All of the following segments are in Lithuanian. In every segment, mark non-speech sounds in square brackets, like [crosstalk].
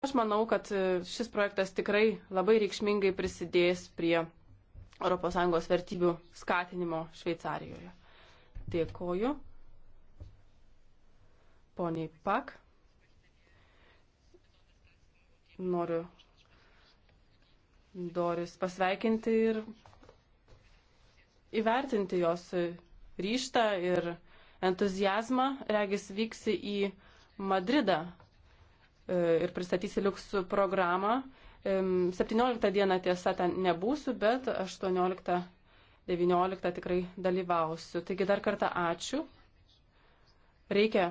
Aš manau, kad e, šis projektas tikrai labai reikšmingai prisidės prie ES vertybių skatinimo Šveicarijoje. Dėkoju. Poniai Pak. Noriu Doris pasveikinti ir įvertinti jos ryštą ir entuzijazmą. Regis vyksi į Madridą ir pristatysi liuks programą. 17 dieną tiesa ten nebūsiu, bet 18-19 tikrai dalyvausiu. Taigi dar kartą ačiū. Reikia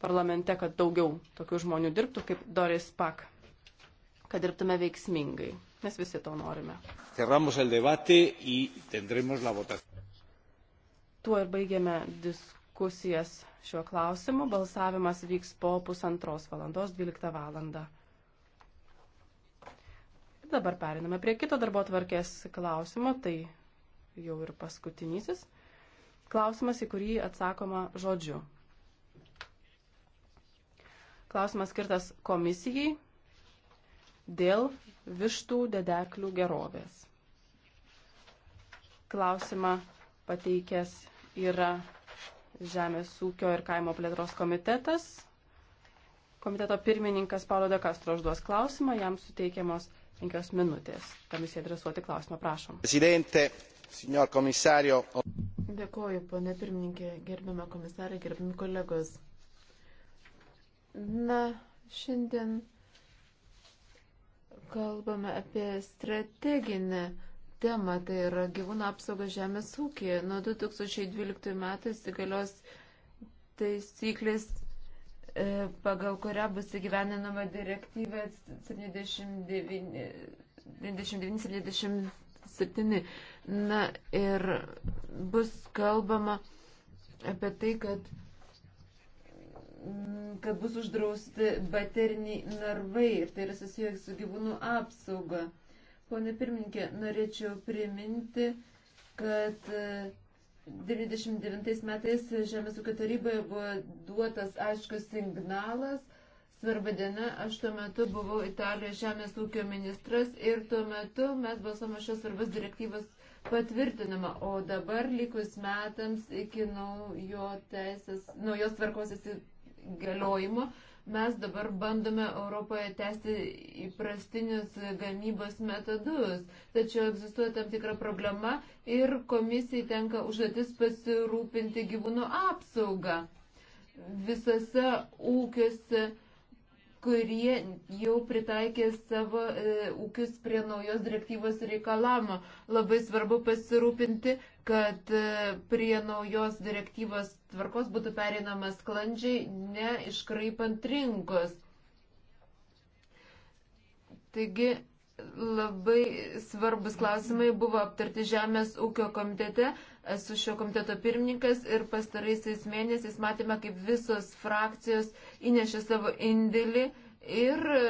parlamente, kad daugiau tokių žmonių dirbtų kaip Doris Pak, kad dirbtume veiksmingai, nes visi to norime. Tuo ir baigėme diskusiją diskusijas šiuo klausimu. Balsavimas vyks po pusantros valandos 12 valandą. Ir dabar periname prie kito darbo tvarkės klausimo, tai jau ir paskutinysis. Klausimas, į kurį atsakoma žodžiu. Klausimas skirtas komisijai dėl vištų dedeklių gerovės. Klausimą pateikęs yra Žemės ūkio ir kaimo plėtros komitetas. Komiteto pirmininkas Paulo De Castro užduos klausimą, jam suteikiamos penkios minutės. Komisija adresuoti klausimą, prašom. Presidente, signor komisario. Dėkuoju, ponė pirmininkė, gerbiame komisarė, gerbiami kolegos. Na, šiandien kalbame apie strateginę temą, tai yra gyvūnų apsauga žemės ūkija. Nuo 2012 metų įsigalios taisyklės, e, pagal kurią bus įgyveninama direktyva 99-77. Na ir bus kalbama apie tai, kad mm, kad bus uždrausti bateriniai narvai ir tai yra susijęs su gyvūnų apsauga. Pone pirmininkė, norėčiau priminti, kad 99 e, metais Žemės ūkio taryboje buvo duotas aiškus signalas. Svarba diena, aš tuo metu buvau Italijos Žemės ūkio ministras ir tuo metu mes balsuome šios svarbos direktyvos patvirtinama, o dabar likus metams iki naujo teisės, naujos tvarkos įsigaliojimo, mes dabar bandome Europoje tęsti įprastinius gamybos metodus, tačiau egzistuoja tam tikra problema ir komisijai tenka užduotis pasirūpinti gyvūnų apsaugą visose ūkiuose, kurie jau pritaikė savo e, ūkius prie naujos direktyvos reikalavimo. Labai svarbu pasirūpinti, kad e, prie naujos direktyvos tvarkos būtų pereinama sklandžiai, neiškraipant rinkos. Taigi labai svarbus klausimai buvo aptarti Žemės ūkio komitete. Esu šio komiteto pirmininkas ir pastaraisiais mėnesiais matėme, kaip visos frakcijos įnešė savo indėlį ir e,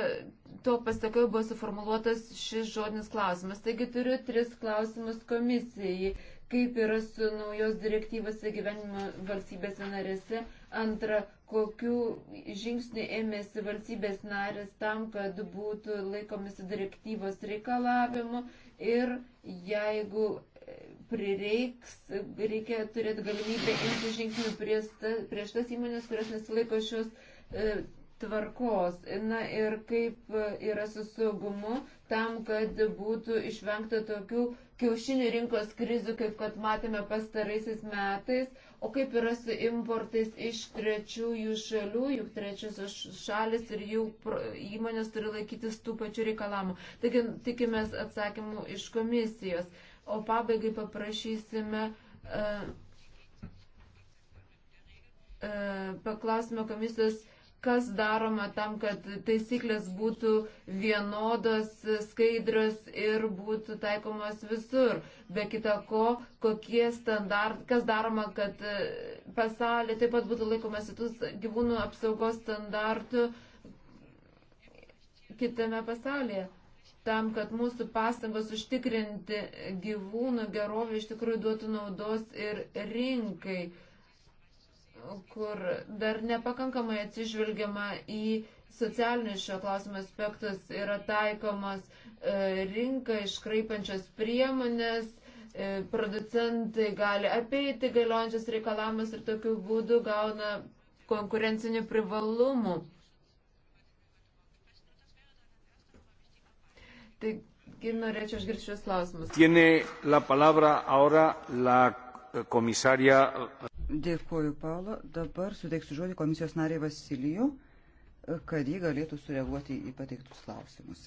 to pasakoju buvo suformuoluotas šis žodinis klausimas. Taigi turiu tris klausimus komisijai kaip yra su naujos direktyvos įgyvenimo valstybės narėse. Antra, kokiu žingsniu ėmėsi valstybės narės tam, kad būtų laikomisi direktyvos reikalavimu ir jeigu e, prireiks, reikia turėti galimybę imti žingsnių prieš, ta, prieš tas įmonės, kurios nesilaiko šios e, tvarkos. Na ir kaip e, yra su saugumu tam, kad būtų išvengta tokių kiaušinių rinkos krizių, kaip kad matėme pastaraisiais metais, o kaip yra su importais iš trečiųjų šalių, juk trečiosios šalis ir jų įmonės turi laikytis tų pačių reikalamų. Taigi tikimės atsakymų iš komisijos. O pabaigai paprašysime. Uh, uh, paklausime komisijos kas daroma tam, kad taisyklės būtų vienodos, skaidrios ir būtų taikomos visur. Be kita ko, kokie standart, kas daroma, kad e, pasaulyje taip pat būtų laikomas tų gyvūnų apsaugos standartų kitame pasaulyje. Tam, kad mūsų pastangos užtikrinti gyvūnų gerovę iš tikrųjų duotų naudos ir rinkai kur dar nepakankamai atsižvelgiama į socialinius šio klausimo aspektus yra taikomas e, rinką iškraipančios priemonės, e, producentai gali apeiti galiojančius reikalavimus ir tokiu būdu gauna konkurencinių privalumų. Taigi norėčiau išgirsti šios klausimus. Tiene la palabra ahora la komisaria Dėkuoju, Paulo. Dabar suteiksiu žodį komisijos nariai Vasilijų, kad jį galėtų sureaguoti į pateiktus klausimus.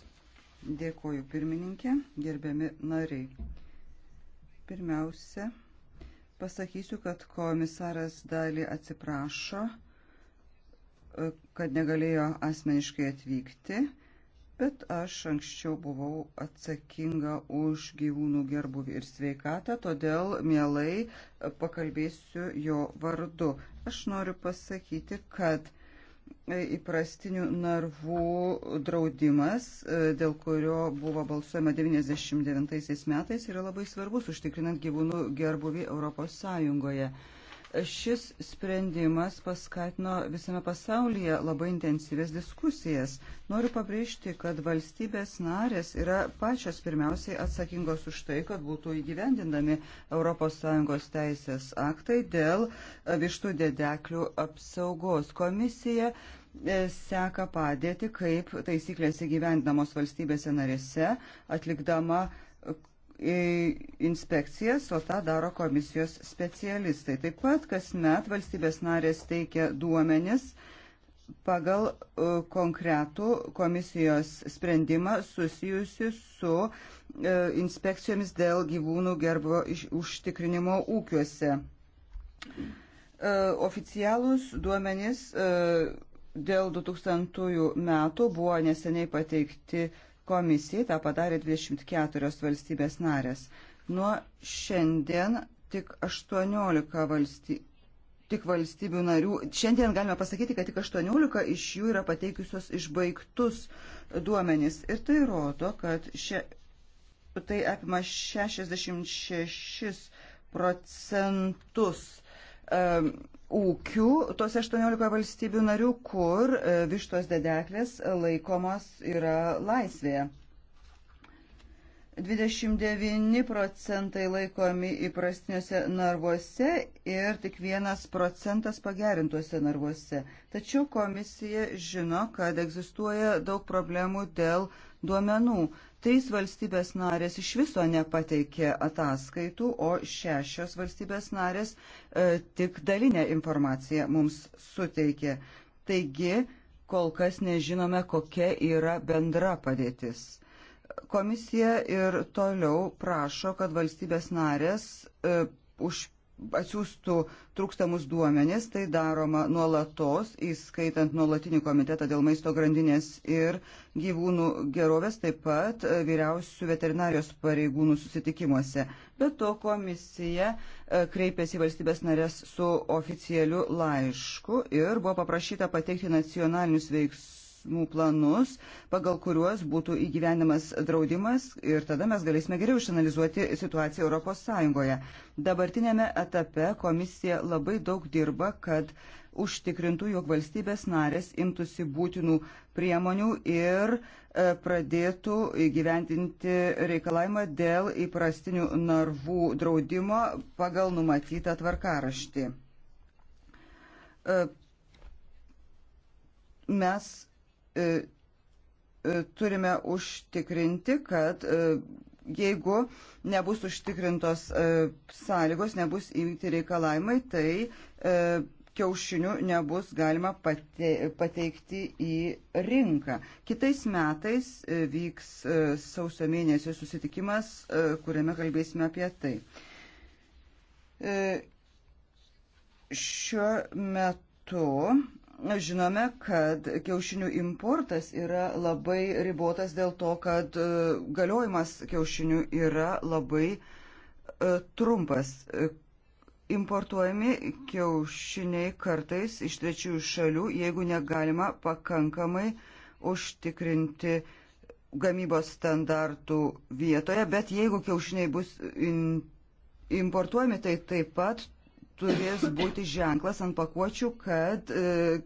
Dėkuoju, pirmininkė, gerbiami nariai. Pirmiausia, pasakysiu, kad komisaras dalį atsiprašo, kad negalėjo asmeniškai atvykti bet aš anksčiau buvau atsakinga už gyvūnų gerbuvį ir sveikatą, todėl mielai e, pakalbėsiu jo vardu. Aš noriu pasakyti, kad e, įprastinių narvų draudimas, e, dėl kurio buvo balsuojama 99 metais, yra labai svarbus užtikrinant gyvūnų gerbuvį Europos Sąjungoje. Šis sprendimas paskatino visame pasaulyje labai intensyves diskusijas. Noriu pabrėžti, kad valstybės narės yra pačios pirmiausiai atsakingos už tai, kad būtų įgyvendinami ES teisės aktai dėl vištų dedeklių apsaugos. Komisija e, seka padėti, kaip taisyklės įgyvendinamos valstybėse narėse, atlikdama inspekcijas, o tą daro komisijos specialistai. Taip pat kasmet valstybės narės teikia duomenis pagal e, konkretų komisijos sprendimą susijusi su e, inspekcijomis dėl gyvūnų gerbo užtikrinimo ūkiuose. E, oficialūs duomenys dėl 2000 metų buvo neseniai pateikti komisijai, tą padarė 24 valstybės narės. Nuo šiandien tik 18 valstybių. Tik valstybių narių. Šiandien galime pasakyti, kad tik 18 iš jų yra pateikusios išbaigtus duomenys. Ir tai rodo, kad šia, tai apima 66 procentus um, ūkių tose 18 valstybių narių, kur e, vištos dedeklės laikomos yra laisvėje. 29 procentai laikomi įprastiniuose narvuose ir tik 1 procentas pagerintuose narvuose. Tačiau komisija žino, kad egzistuoja daug problemų dėl duomenų. Tais valstybės narės iš viso nepateikė ataskaitų, o šešios valstybės narės e, tik dalinę informaciją mums suteikė. Taigi, kol kas nežinome, kokia yra bendra padėtis. Komisija ir toliau prašo, kad valstybės narės e, už atsiųstų trūkstamus duomenis, tai daroma nuolatos, įskaitant nuolatinį komitetą dėl maisto grandinės ir gyvūnų gerovės, taip pat e, vyriausių veterinarijos pareigūnų susitikimuose. Be to komisija e, kreipėsi į valstybės narės su oficialiu laišku ir buvo paprašyta pateikti nacionalinius veiksmus veiksmų planus, pagal kuriuos būtų įgyvenimas draudimas ir tada mes galėsime geriau išanalizuoti situaciją ES. Dabartinėme etape komisija labai daug dirba, kad užtikrintų, jog valstybės narės imtųsi būtinų priemonių ir e, pradėtų įgyvendinti reikalavimą dėl įprastinių narvų draudimo pagal numatytą tvarkaraštį e, mes E, e, turime užtikrinti, kad e, jeigu nebus užtikrintos sąlygos, nebus įvykti reikalavimai, tai kiaušinių nebus galima pateikti į rinką. Kitais metais vyks sausio mėnesio susitikimas, kuriame kalbėsime apie tai. Šiuo metu Žinome, kad kiaušinių importas yra labai ribotas dėl to, kad e, galiojimas kiaušinių yra labai e, trumpas. E, importuojami kiaušiniai kartais iš trečiųjų šalių, jeigu negalima pakankamai užtikrinti gamybos standartų vietoje, bet jeigu kiaušiniai bus importuojami, tai taip pat turės būti ženklas ant pakuočių, kad e,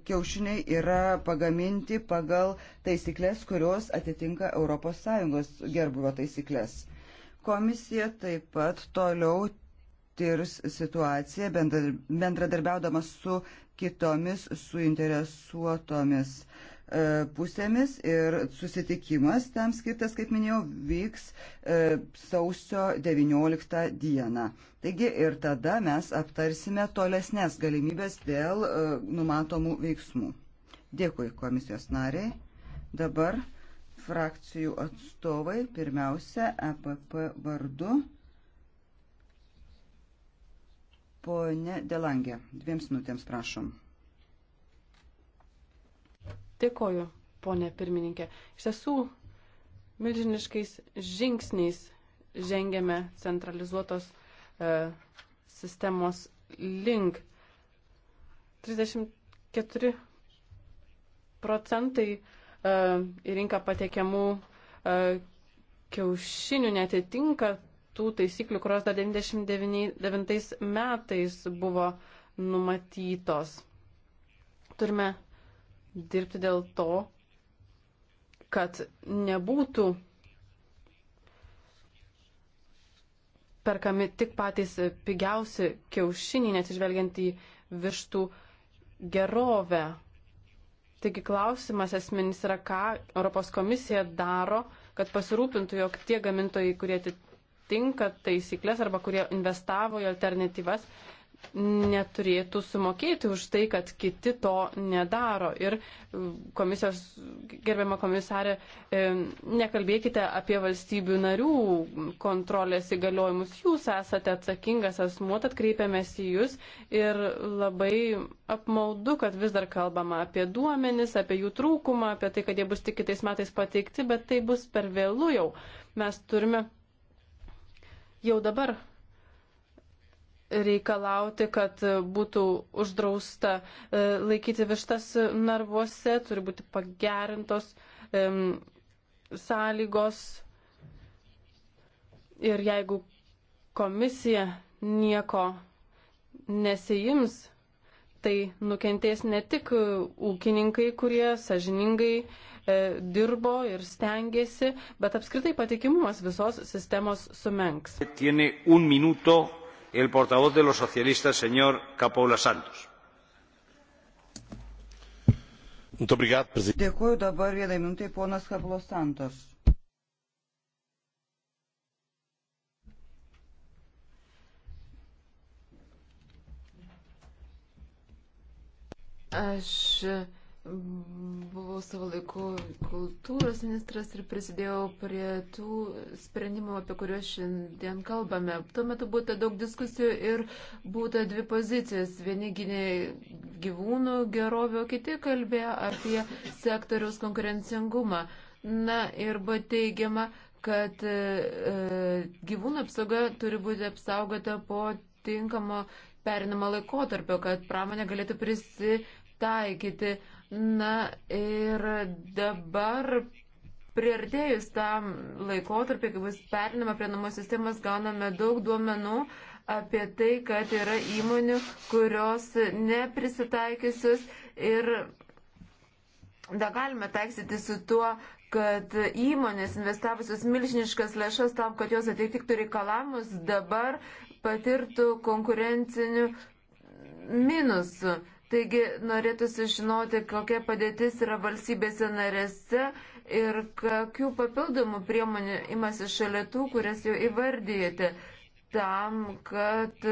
kiaušiniai yra pagaminti pagal taisyklės, kurios atitinka ES gerbuvio taisyklės. Komisija taip pat toliau tirs situaciją bendradarbiaudama su kitomis suinteresuotomis e, E, pusėmis ir susitikimas tam skirtas, kaip minėjau, vyks e, sausio 19 dieną. Taigi ir tada mes aptarsime tolesnės galimybės dėl e, numatomų veiksmų. Dėkui komisijos nariai. Dabar frakcijų atstovai, pirmiausia, EPP vardu. Pone Delangė, dviems minutėms prašom. Dėkoju, ponė pirmininkė. Iš tiesų, milžiniškais žingsniais žengėme centralizuotos e, sistemos link. 34 procentai e, į rinką patiekiamų e, kiaušinių netitinka tų taisyklių, kurios dar 99 metais buvo numatytos. Turime dirbti dėl to, kad nebūtų perkami tik patys pigiausi kiaušiniai, nesižvelgiant į vištų gerovę. Taigi klausimas esminis yra, ką Europos komisija daro, kad pasirūpintų, jog tie gamintojai, kurie atitinka taisyklės arba kurie investavo į alternatyvas neturėtų sumokėti už tai, kad kiti to nedaro. Ir e, komisijos, gerbiama komisarė, e, nekalbėkite apie valstybių narių kontrolės įgaliojimus. Jūs esate atsakingas asmuo, tad kreipiamės į jūs ir labai apmaudu, kad vis dar kalbama apie duomenis, apie jų trūkumą, apie tai, kad jie bus tik kitais metais pateikti, bet tai bus per vėlų jau. Mes turime jau dabar reikalauti, kad būtų uždrausta e, laikyti vištas narvuose, turi būti pagerintos um, sąlygos. Ir jeigu komisija nieko nesijims, tai nukentės ne tik ūkininkai, kurie sažiningai e, dirbo ir stengiasi, bet apskritai patikimumas visos sistemos sumenks. Tiene un minuto el portavoz de los socialistas señor Capola Santos. Dėkuoju dabar vienai mintai ponas Kapolas Santos. Aš buvau savo laiku kultūros ministras ir prisidėjau prie tų sprendimų, apie kuriuos šiandien kalbame. Tuo metu būtų daug diskusijų ir būtų dvi pozicijas. Vieni gynė gyvūnų gerovę, o kiti kalbėjo apie sektoriaus konkurencingumą. Na ir buvo teigiama, kad e, gyvūnų apsauga turi būti apsaugota po tinkamo perinamo laikotarpio, kad pramonė galėtų prisitaikyti. Na ir dabar priartėjus tam laikotarpį, kai bus perinama prie namų sistemas, gauname daug duomenų apie tai, kad yra įmonių, kurios neprisitaikysius ir negalime taiksyti su tuo, kad įmonės investavusios milžiniškas lėšas tam, kad jos atitiktų reikalavimus, dabar patirtų konkurencinių minusų. Taigi norėtų sužinoti, kokia padėtis yra valstybėse narėse ir kokių papildomų priemonių imasi šalia tų, kurias jau įvardyjate, tam, kad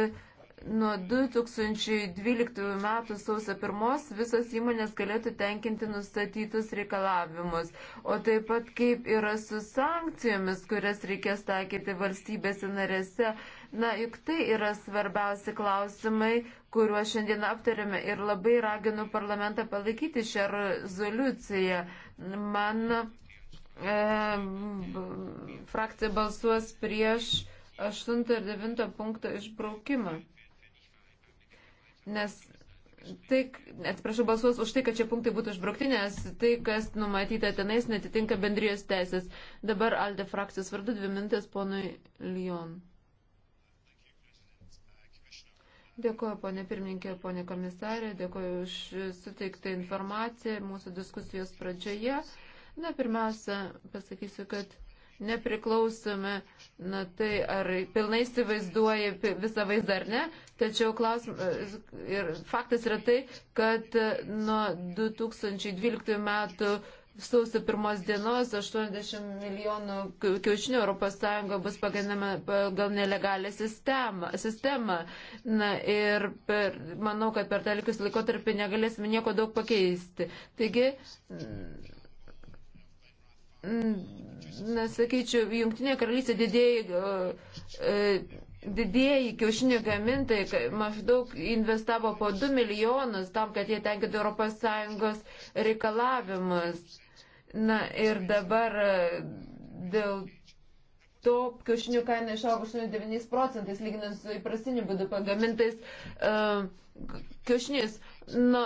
nuo 2012 metų sausio 1 visos įmonės galėtų tenkinti nustatytus reikalavimus, o taip pat kaip yra su sankcijomis, kurias reikės taikyti valstybėse narėse Na, juk tai yra svarbiausi klausimai, kuriuos šiandien aptarėme ir labai raginu parlamentą palaikyti šią rezoliuciją. Man e, frakcija balsuos prieš 8 ir 9 punkto išbraukimą. Nes tai, atsiprašau, balsuos už tai, kad šie punktai būtų išbraukti, nes tai, kas numatyta tenais, netitinka bendrijos teisės. Dabar Alde frakcijos vardu dvi mintis ponui Lyon. Dėkuoju, ponė pirmininkė, ponė komisarė, dėkuoju už suteiktą informaciją mūsų diskusijos pradžioje. Na, pirmiausia, pasakysiu, kad nepriklausomi, na tai ar pilnai įsivaizduoji visą vaizdą ar ne, tačiau klausimas ir faktas yra tai, kad nuo 2012 metų sausio pirmos dienos 80 milijonų kiaušinių Europos Sąjunga bus pagaminama pagal nelegalią sistemą. sistemą. Na ir per, manau, kad per tą likus laikotarpį negalėsime nieko daug pakeisti. Taigi, na, sakyčiau, Junktinė karalystė didėjai. Uh, e, e, Didieji kiaušinių gamintojai maždaug investavo po 2 milijonus tam, kad jie tenkintų ES reikalavimus. Na ir dabar e, dėl to kiaušinių kaina išaugo 89 procentais, lyginant su įprastiniu būdu pagamintais uh, kiaušiniais. Na,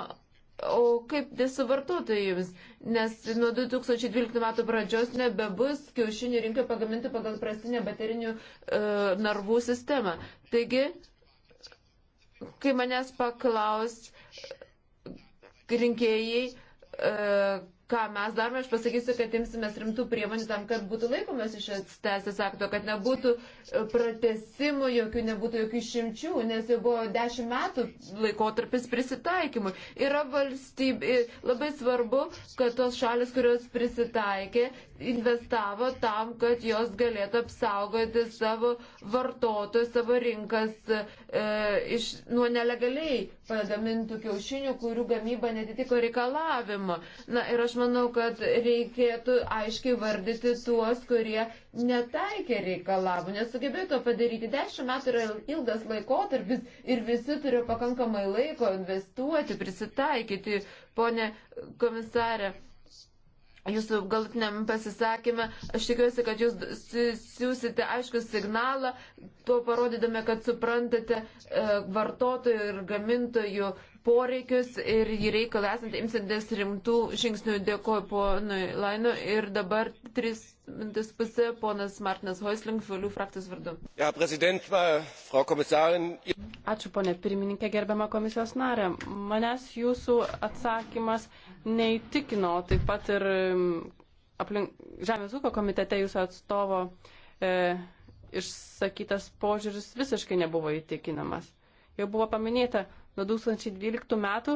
o kaip tai su vartotojams? Nes nuo 2012 metų pradžios nebebus kiaušinių rinkai pagaminti pagal prastinę baterinių uh, narvų sistemą. Taigi, kai manęs paklaus rinkėjai, uh, ką mes darome, aš pasakysiu, kad imsimės rimtų priemonių tam, kad būtų laikomas iš teisės akto, kad nebūtų e, pratesimų, jokių nebūtų jokių šimčių, nes jau buvo dešimt metų laikotarpis prisitaikymui. Yra valstybė, labai svarbu, kad tos šalis, kurios prisitaikė, investavo tam, kad jos galėtų apsaugoti savo vartotojus, savo rinkas e, iš, nuo nelegaliai pagamintų kiaušinių, kurių gamyba netitiko reikalavimo. Na ir aš manau, kad reikėtų aiškiai vardyti tuos, kurie netaikė reikalavimų, nesugebėjo to padaryti. Dešimt metų yra ilgas laikotarpis ir visi turi pakankamai laiko investuoti, prisitaikyti, ponė komisarė jūsų galutiniam pasisakymę. Aš tikiuosi, kad jūs siūsite aišku signalą, tuo parodydami, kad suprantate e, vartotojų ir gamintojų poreikius ir jį reikalą esant imsitės rimtų žingsnių. Dėkoju ponui Lainu ir dabar tris mintis pusė ponas Martinas Hoisling, Filių frakcijos vardu. Ja, Ačiū ponė pirmininkė, gerbiama komisijos narė. Manęs jūsų atsakymas neįtikino. Taip pat ir aplink, Žemės ūkio komitete jūsų atstovo e, išsakytas požiūris visiškai nebuvo įtikinamas. Jau buvo paminėta, nuo 2012 metų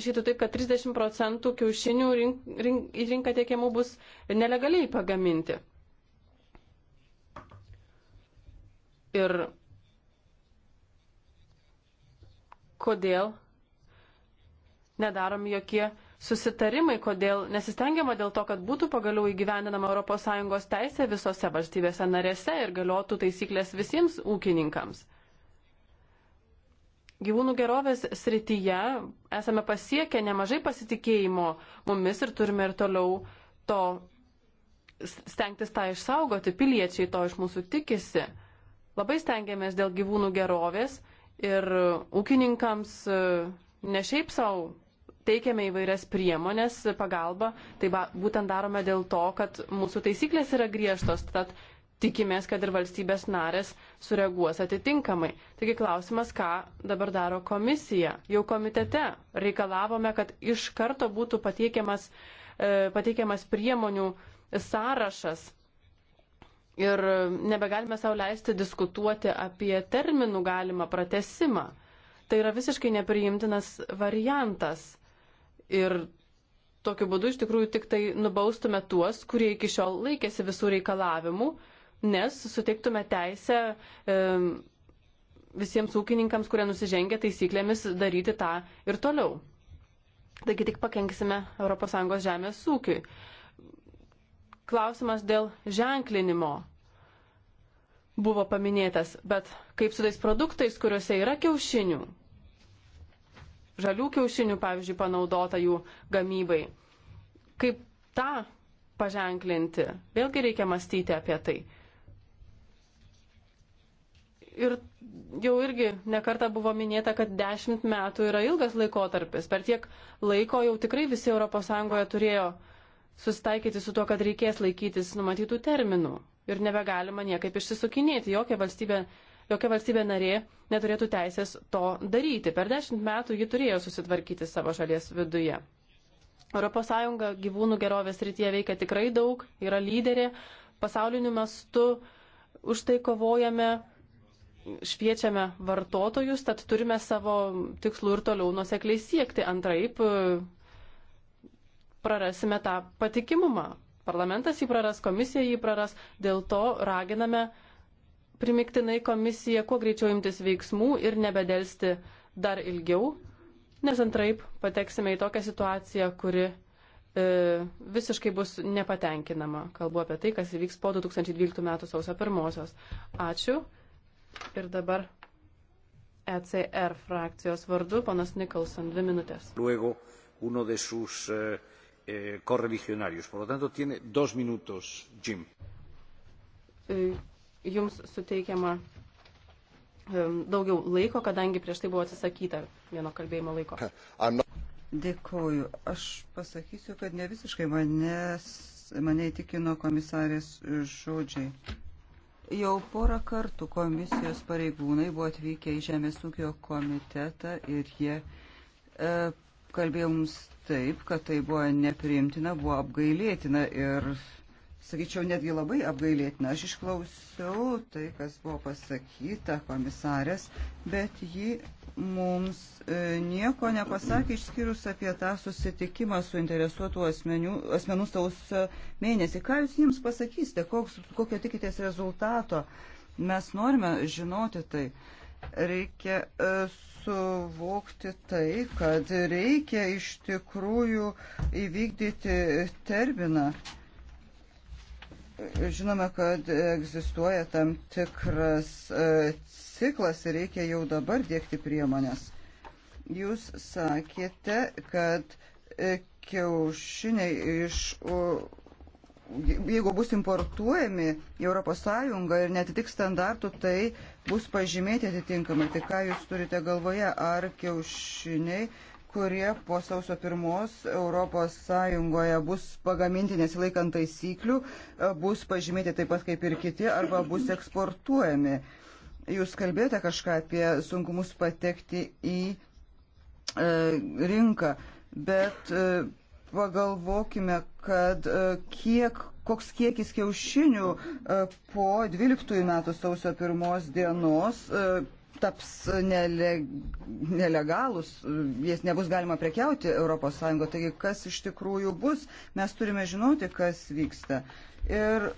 išėtų taip, kad 30 procentų kiaušinių rink, rink, į rinką tiekiamų bus nelegaliai pagaminti. Ir kodėl nedaromi jokie susitarimai, kodėl nesistengiama dėl to, kad būtų pagaliau įgyvendinama ES teisė visose valstybėse narėse ir galiotų taisyklės visiems ūkininkams. Gyvūnų gerovės srityje esame pasiekę nemažai pasitikėjimo mumis ir turime ir toliau to stengtis tą išsaugoti, piliečiai to iš mūsų tikisi. Labai stengiamės dėl gyvūnų gerovės ir ūkininkams ne šiaip savo teikiame įvairias priemonės, pagalbą, tai ba, būtent darome dėl to, kad mūsų taisyklės yra griežtos, tad tikimės, kad ir valstybės narės sureaguos atitinkamai. Taigi klausimas, ką dabar daro komisija. Jau komitete reikalavome, kad iš karto būtų pateikiamas, e, pateikiamas priemonių sąrašas. Ir nebegalime savo leisti diskutuoti apie terminų galimą pratesimą. Tai yra visiškai nepriimtinas variantas. Ir tokiu būdu iš tikrųjų tik tai nubaustume tuos, kurie iki šiol laikėsi visų reikalavimų, nes suteiktume teisę e, visiems ūkininkams, kurie nusižengia taisyklėmis, daryti tą ir toliau. Taigi tik pakenksime ES žemės ūkiui. Klausimas dėl ženklinimo buvo paminėtas, bet kaip su tais produktais, kuriuose yra kiaušinių, žalių kiaušinių, pavyzdžiui, panaudota jų gamybai. Kaip tą paženklinti, vėlgi reikia mąstyti apie tai. Ir jau irgi nekarta buvo minėta, kad dešimt metų yra ilgas laikotarpis. Per tiek laiko jau tikrai visi ES turėjo susitaikyti su tuo, kad reikės laikytis numatytų terminų. Ir nebegalima niekaip išsisukinėti. Jokia valstybė jokia valstybė narė neturėtų teisės to daryti. Per dešimt metų ji turėjo susitvarkyti savo šalies viduje. ES gyvūnų gerovės rytyje veikia tikrai daug, yra lyderė, pasauliniu mastu už tai kovojame, šviečiame vartotojus, tad turime savo tikslų ir toliau nusekliai siekti. Antraip prarasime tą patikimumą. Parlamentas jį praras, komisija jį praras, dėl to raginame uh, primiktinai komisija kuo greičiau imtis veiksmų ir nebedelsti dar ilgiau, nes antraip pateksime į tokią situaciją, kuri e, visiškai bus nepatenkinama. Kalbu apie tai, kas įvyks po 2012 m. sausio 1. Ačiū. Ir dabar ECR frakcijos vardu ponas Nikolson, dvi minutės. Luego, uno de sus, eh, correligionarios. Por lo tanto, tiene dos minutos, Jim. E jums suteikiama daugiau laiko, kadangi prieš tai buvo atsisakyta vieno kalbėjimo laiko. Dėkoju. Aš pasakysiu, kad ne visiškai manęs, mane įtikino komisarės žodžiai. Jau porą kartų komisijos pareigūnai buvo atvykę į Žemės ūkio komitetą ir jie e, kalbėjo mums taip, kad tai buvo nepriimtina, buvo apgailėtina ir sakyčiau, netgi labai apgailėtina. Aš išklausiau tai, kas buvo pasakyta komisarės, bet ji mums e, nieko nepasakė, išskyrus apie tą susitikimą su interesuotų asmenių, asmenų sausio mėnesį. Ką jūs jiems pasakysite, koks, kokio tikitės rezultato? Mes norime žinoti tai. Reikia e, suvokti tai, kad reikia iš tikrųjų įvykdyti terminą Žinome, kad egzistuoja tam tikras e, ciklas ir reikia jau dabar dėkti priemonės. Jūs sakėte, kad e, kiaušiniai iš jeigu bus importuojami į ES ir netitiks standartų, tai bus pažymėti atitinkamai. Tai ką jūs turite galvoje, ar kiaušiniai kurie po sausio pirmos ES bus pagaminti nesilaikant taisyklių, e, bus pažymėti taip pat kaip ir kiti arba bus eksportuojami. Jūs kalbėjote kažką apie sunkumus patekti į e, rinką, bet e, pagalvokime, kad e, kiek koks kiekis kiaušinių e, po 12 metų sausio pirmos dienos e, taps nele, nelegalus, jais nebus galima prekiauti ES. Taigi, kas iš tikrųjų bus, mes turime žinoti, kas vyksta. Ir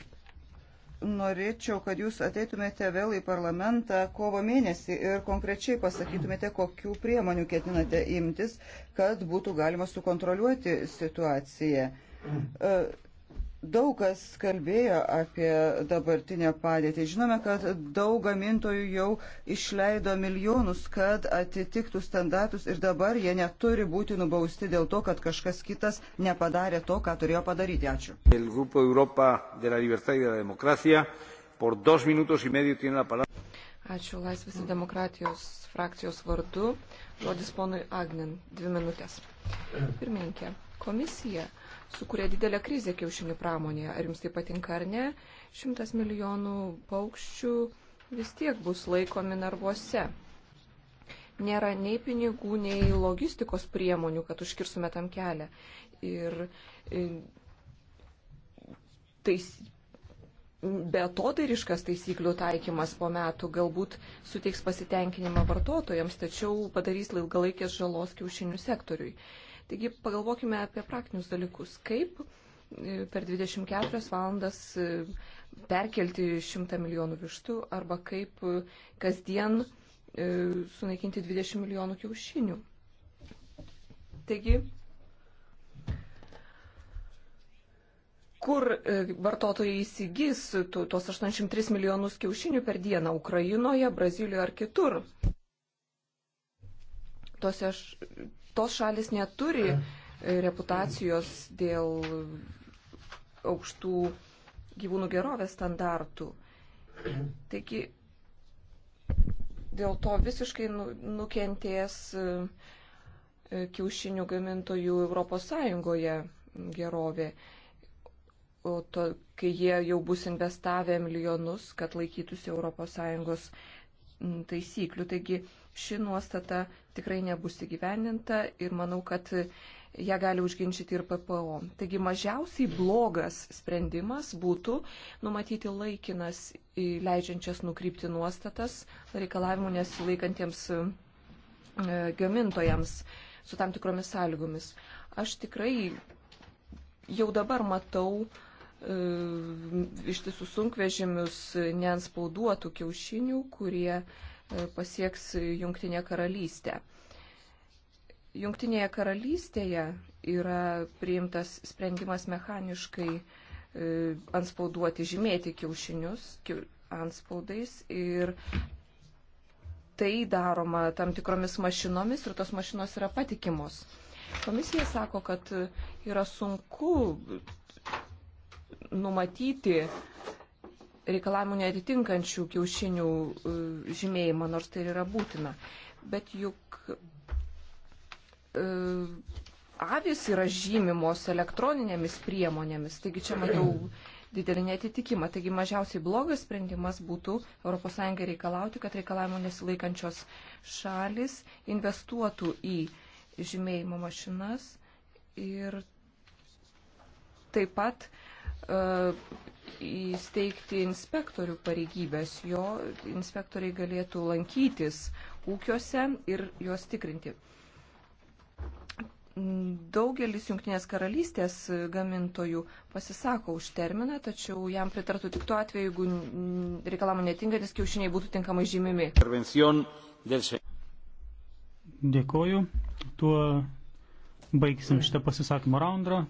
norėčiau, kad jūs ateitumėte vėl į parlamentą kovo mėnesį ir konkrečiai pasakytumėte, kokių priemonių ketinate imtis, kad būtų galima sukontroliuoti situaciją. Uh, Daug kas kalbėjo apie dabartinę padėtį. Žinome, kad daug gamintojų jau išleido milijonus, kad atitiktų standartus ir dabar jie neturi būti nubausti dėl to, kad kažkas kitas nepadarė to, ką turėjo padaryti. Ačiū. Ačiū Laisvės ir demokratijos frakcijos vardu. Žodis ponui Agnin. Dvi minutės. Pirmininkė, komisija sukuria didelę krizę kiaušinių pramonėje. Ar jums tai patinka ar ne, šimtas milijonų paukščių vis tiek bus laikomi narvuose. Nėra nei pinigų, nei logistikos priemonių, kad užkirsume tam kelią. Ir e, tais, betodairiškas taisyklių taikymas po metų galbūt suteiks pasitenkinimą vartotojams, tačiau padarys ilgalaikės žalos kiaušinių sektoriui. Taigi pagalvokime apie praktinius dalykus. Kaip e, per 24 valandas e, perkelti 100 milijonų vištų arba kaip e, kasdien sunaikinti 20 milijonų kiaušinių. Taigi, kur vartotojai įsigys tuos 83 milijonus kiaušinių per dieną - Ukrainoje, Brazilijoje ar kitur? Tose tos šalis neturi e, reputacijos dėl aukštų gyvūnų gerovės standartų. Taigi dėl to visiškai nu, nukentės e, e, kiaušinių gamintojų ES gerovė. O to, kai jie jau bus investavę milijonus, kad laikytųsi ES taisyklių. Taigi ši nuostata tikrai nebus įgyvendinta ir manau, kad ją gali užginčyti ir PPO. Taigi mažiausiai blogas sprendimas būtų numatyti laikinas leidžiančias nukrypti nuostatas reikalavimų nesilaikantiems e, gamintojams su tam tikromis sąlygomis. Aš tikrai jau dabar matau, e, ištisus sunkvežimius neanspauduotų kiaušinių, kurie pasieks Junktinė karalystė. Junktinėje karalystėje yra priimtas sprendimas mechaniškai e, anspauduoti, žymėti kiaušinius anspaudais ir tai daroma tam tikromis mašinomis ir tos mašinos yra patikimos. Komisija sako, kad yra sunku numatyti reikalavimų netitinkančių kiaušinių e, žymėjimą, nors tai yra būtina. Bet juk e, avis yra žymimos elektroninėmis priemonėmis, taigi čia matau didelį netitikimą. Taigi mažiausiai blogas sprendimas būtų ES reikalauti, kad reikalavimų nesilaikančios šalis investuotų į žymėjimo mašinas ir taip pat e, įsteigti inspektorių pareigybės, jo inspektoriai galėtų lankytis ūkiuose ir juos tikrinti. Daugelis Junktinės karalystės gamintojų pasisako už terminą, tačiau jam pritartų tik tuo atveju, jeigu reikalavimai netinka, nes kiaušiniai būtų tinkamai žymimi. Dėkoju. Tuo baigsim šitą pasisakymą raundą.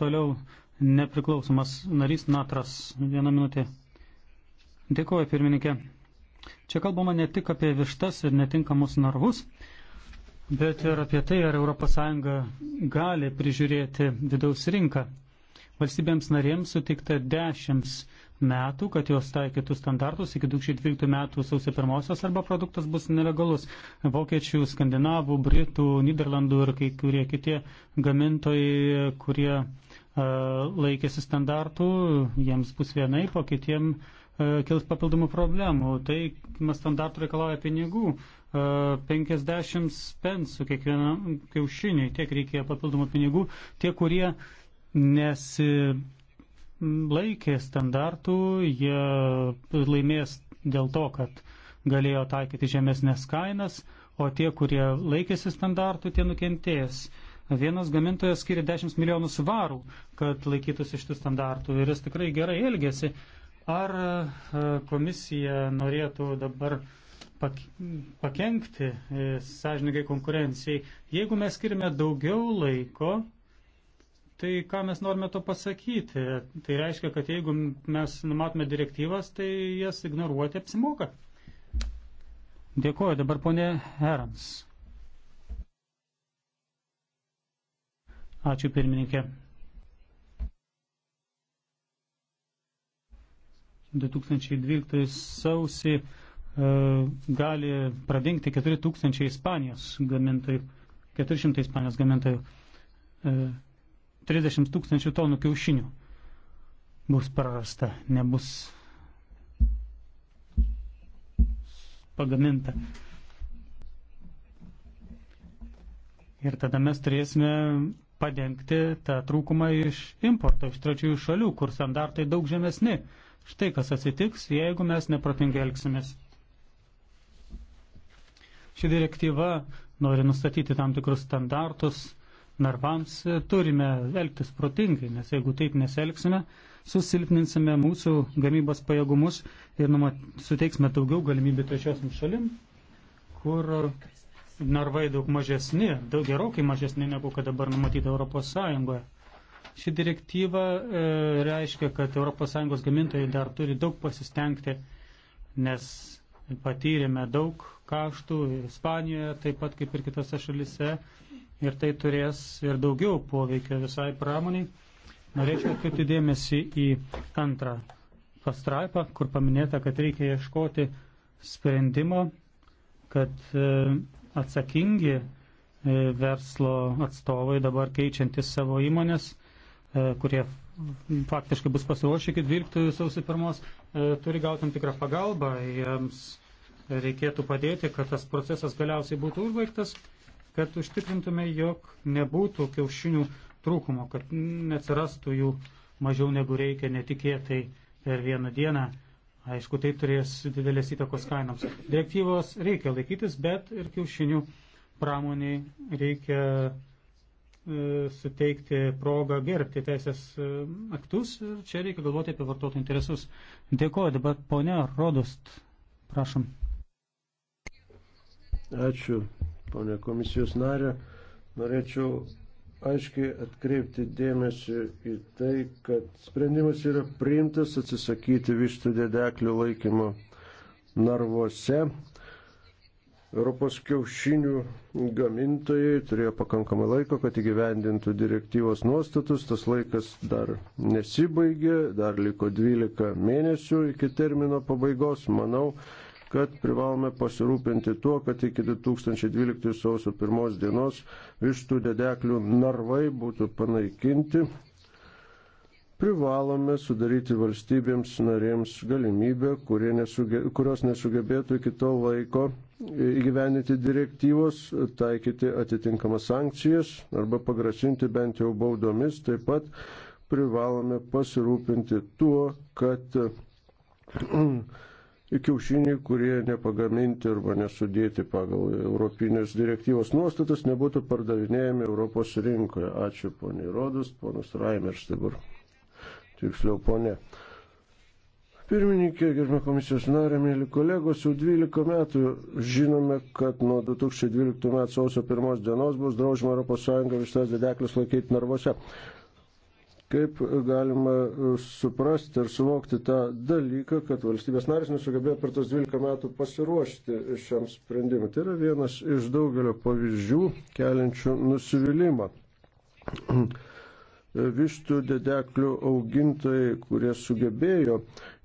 Toliau nepriklausomas narys Natras. Vieną minutę. Dėkuoju, pirmininkė. Čia kalbama ne tik apie vištas ir netinkamus narvus, bet ir apie tai, ar ES gali prižiūrėti vidaus rinką. Valstybėms narėms sutikta dešimt metų, kad jos taikytų standartus iki 2012 metų sausio pirmosios arba produktas bus nelegalus. Vokiečių, skandinavų, britų, Niderlandų ir kai kurie kiti gamintojai, kurie E, laikėsi standartų, jiems bus vienai, po kitiem e, kils papildomų problemų. Tai standartų reikalauja pinigų. 50 e, pensų kiekvienam kiaušiniui tiek reikėjo papildomų pinigų. Tie, kurie nesilaikė standartų, jie laimės dėl to, kad galėjo taikyti žemesnės kainas, o tie, kurie laikėsi standartų, tie nukentės. Uh, Vienas gamintojas skiria 10 milijonų svarų, kad laikytųsi šitų standartų ir jis tikrai gerai elgėsi. Ar e, komisija norėtų dabar pakengti e, sąžininkai konkurencijai? Jeigu mes skirime daugiau laiko, tai ką mes norime to pasakyti? Tai reiškia, kad jeigu mes numatome direktyvas, tai jas ignoruoti apsimoka. Dėkuoju dabar ponė Herams. Ačiū pirmininkė. 2012 sausį e, gali pradingti 4000 Ispanijos gamintojų, 400 Ispanijos gamintojų, 30 e, tūkstančių tonų kiaušinių bus prarasta, nebus pagaminta. Ir tada mes turėsime padengti tą trūkumą iš importo iš trečiųjų šalių, kur standartai daug žemesni. Štai kas atsitiks, jeigu mes neprotingai elgsimės. Ši direktyva nori nustatyti tam tikrus standartus narvams, turime elgtis protingai, nes jeigu taip neselgsime, susilpninsime mūsų gamybos pajėgumus ir numat, suteiksime daugiau galimybių trečiosiam šalim, kur narvai daug mažesni, daug gerokai mažesni negu kad dabar numatyta Europos Sąjungoje. Ši direktyva e, reiškia, kad ES gamintojai dar turi daug pasistengti, nes patyrėme daug kaštų Ispanijoje, taip pat kaip ir kitose šalise, ir tai turės ir daugiau poveikio visai pramoniai. Norėčiau atkreipti dėmesį į antrą pastraipą, kur paminėta, kad reikia ieškoti sprendimo, kad e, atsakingi e, verslo atstovai dabar keičiantis savo įmonės, e, kurie faktiškai bus pasiruošę iki 12 sausio 1, e, turi gauti tam tikrą pagalbą, jiems reikėtų padėti, kad tas procesas galiausiai būtų užbaigtas, kad užtikrintume, jog nebūtų kiaušinių trūkumo, kad neatsirastų jų mažiau negu reikia netikėtai per vieną dieną. Aišku, tai turės didelės įtakos kainoms. Direktyvos reikia laikytis, bet ir kiaušinių pramoniai reikia e, suteikti progą gerbti teisės e, aktus ir čia reikia galvoti apie vartotojų interesus. Dėkuoju dabar ponia Rodust. Prašom. Ačiū, ponia komisijos narė. Norėčiau aiškiai atkreipti dėmesį į tai, kad sprendimas yra priimtas atsisakyti vištų dedeklių laikymo narvuose. Europos kiaušinių gamintojai turėjo pakankamai laiko, kad įgyvendintų direktyvos nuostatus. Tas laikas dar nesibaigė, dar liko 12 mėnesių iki termino pabaigos. Manau, kad privalome pasirūpinti tuo, kad iki 2012 sausio pirmos dienos vištų dedeklių narvai būtų panaikinti. Privalome sudaryti valstybėms narėms galimybę, nesuge, kurios nesugebėtų iki to laiko įgyveninti direktyvos, taikyti atitinkamas sankcijas arba pagrasinti bent jau baudomis. Taip pat privalome pasirūpinti tuo, kad [clears throat] kiaušiniai, kurie nepagaminti arba nesudėti pagal Europinės direktyvos nuostatas, nebūtų pardavinėjami Europos rinkoje. Ačiū poniai Rodus, ponas Raimers dabar. Tiksliau, ponė. Pirmininkė, gerbė komisijos narė, mėly kolegos, jau 12 metų žinome, kad nuo 2012 metų sausio pirmos dienos bus draudžiama ES vištas dedeklius laikyti narvose. Kaip galima e, suprasti ir suvokti tą dalyką, kad valstybės narys nesugebėjo per tos 12 metų pasiruošti šiam sprendimui. Tai yra vienas iš daugelio pavyzdžių keliančių nusivylimą vištų dedeklių augintojai, kurie sugebėjo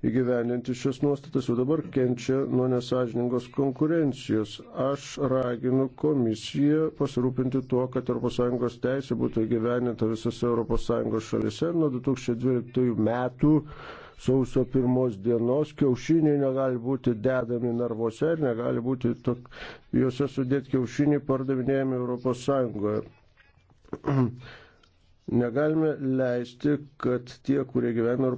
įgyveninti šias nuostatas, jau dabar kenčia nuo nesažiningos konkurencijos. Aš raginu komisiją pasirūpinti tuo, kad ES teisė būtų įgyveninta visose ES šalise nuo 2012 metų. Sausio pirmos dienos kiaušiniai negali būti dedami narvuose ir negali būti tok, juose sudėti kiaušiniai pardavinėjami ES [clears throat] Negalime leisti, kad tie, kurie gyvena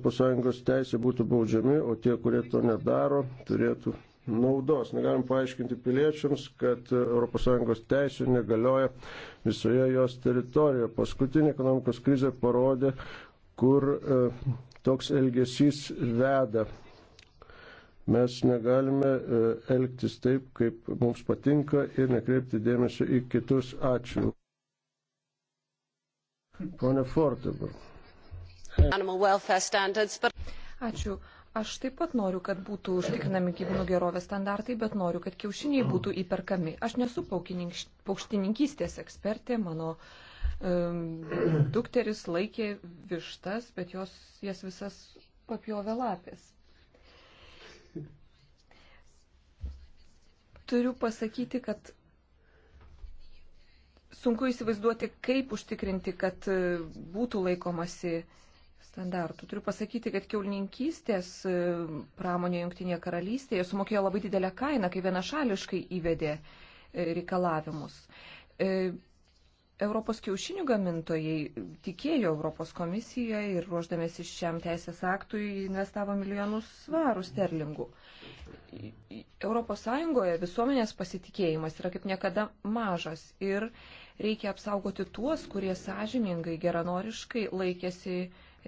ES teisė, būtų baudžiami, o tie, kurie to nedaro, turėtų naudos. Negalim paaiškinti piliečiams, kad ES teisė negalioja visoje jos teritorijoje. Paskutinė ekonomikos krizė parodė, kur e, toks elgesys veda. Mes negalime e, elgtis taip, kaip mums patinka ir nekreipti dėmesio į kitus. Ačiū. Pone Ford dabar. Ačiū. Aš taip pat noriu, kad būtų užtikrinami gyvūnų gerovės standartai, bet noriu, kad kiaušiniai būtų įperkami. Aš nesu paukštininkystės ekspertė, mano um, dukteris laikė vištas, bet jos, jas visas papjovė lapės. Turiu pasakyti, kad sunku įsivaizduoti, kaip užtikrinti, kad e, būtų laikomasi standartų. Turiu pasakyti, kad keulininkystės e, pramonė Junktinėje karalystėje sumokėjo labai didelę kainą, kai vienašališkai įvedė e, reikalavimus. Europos kiaušinių gamintojai tikėjo Europos komisiją ir ruoždamėsi šiam teisės aktui investavo milijonus svarų sterlingų. Europos Sąjungoje visuomenės pasitikėjimas yra kaip niekada mažas ir reikia apsaugoti tuos, kurie sąžiningai, geranoriškai laikėsi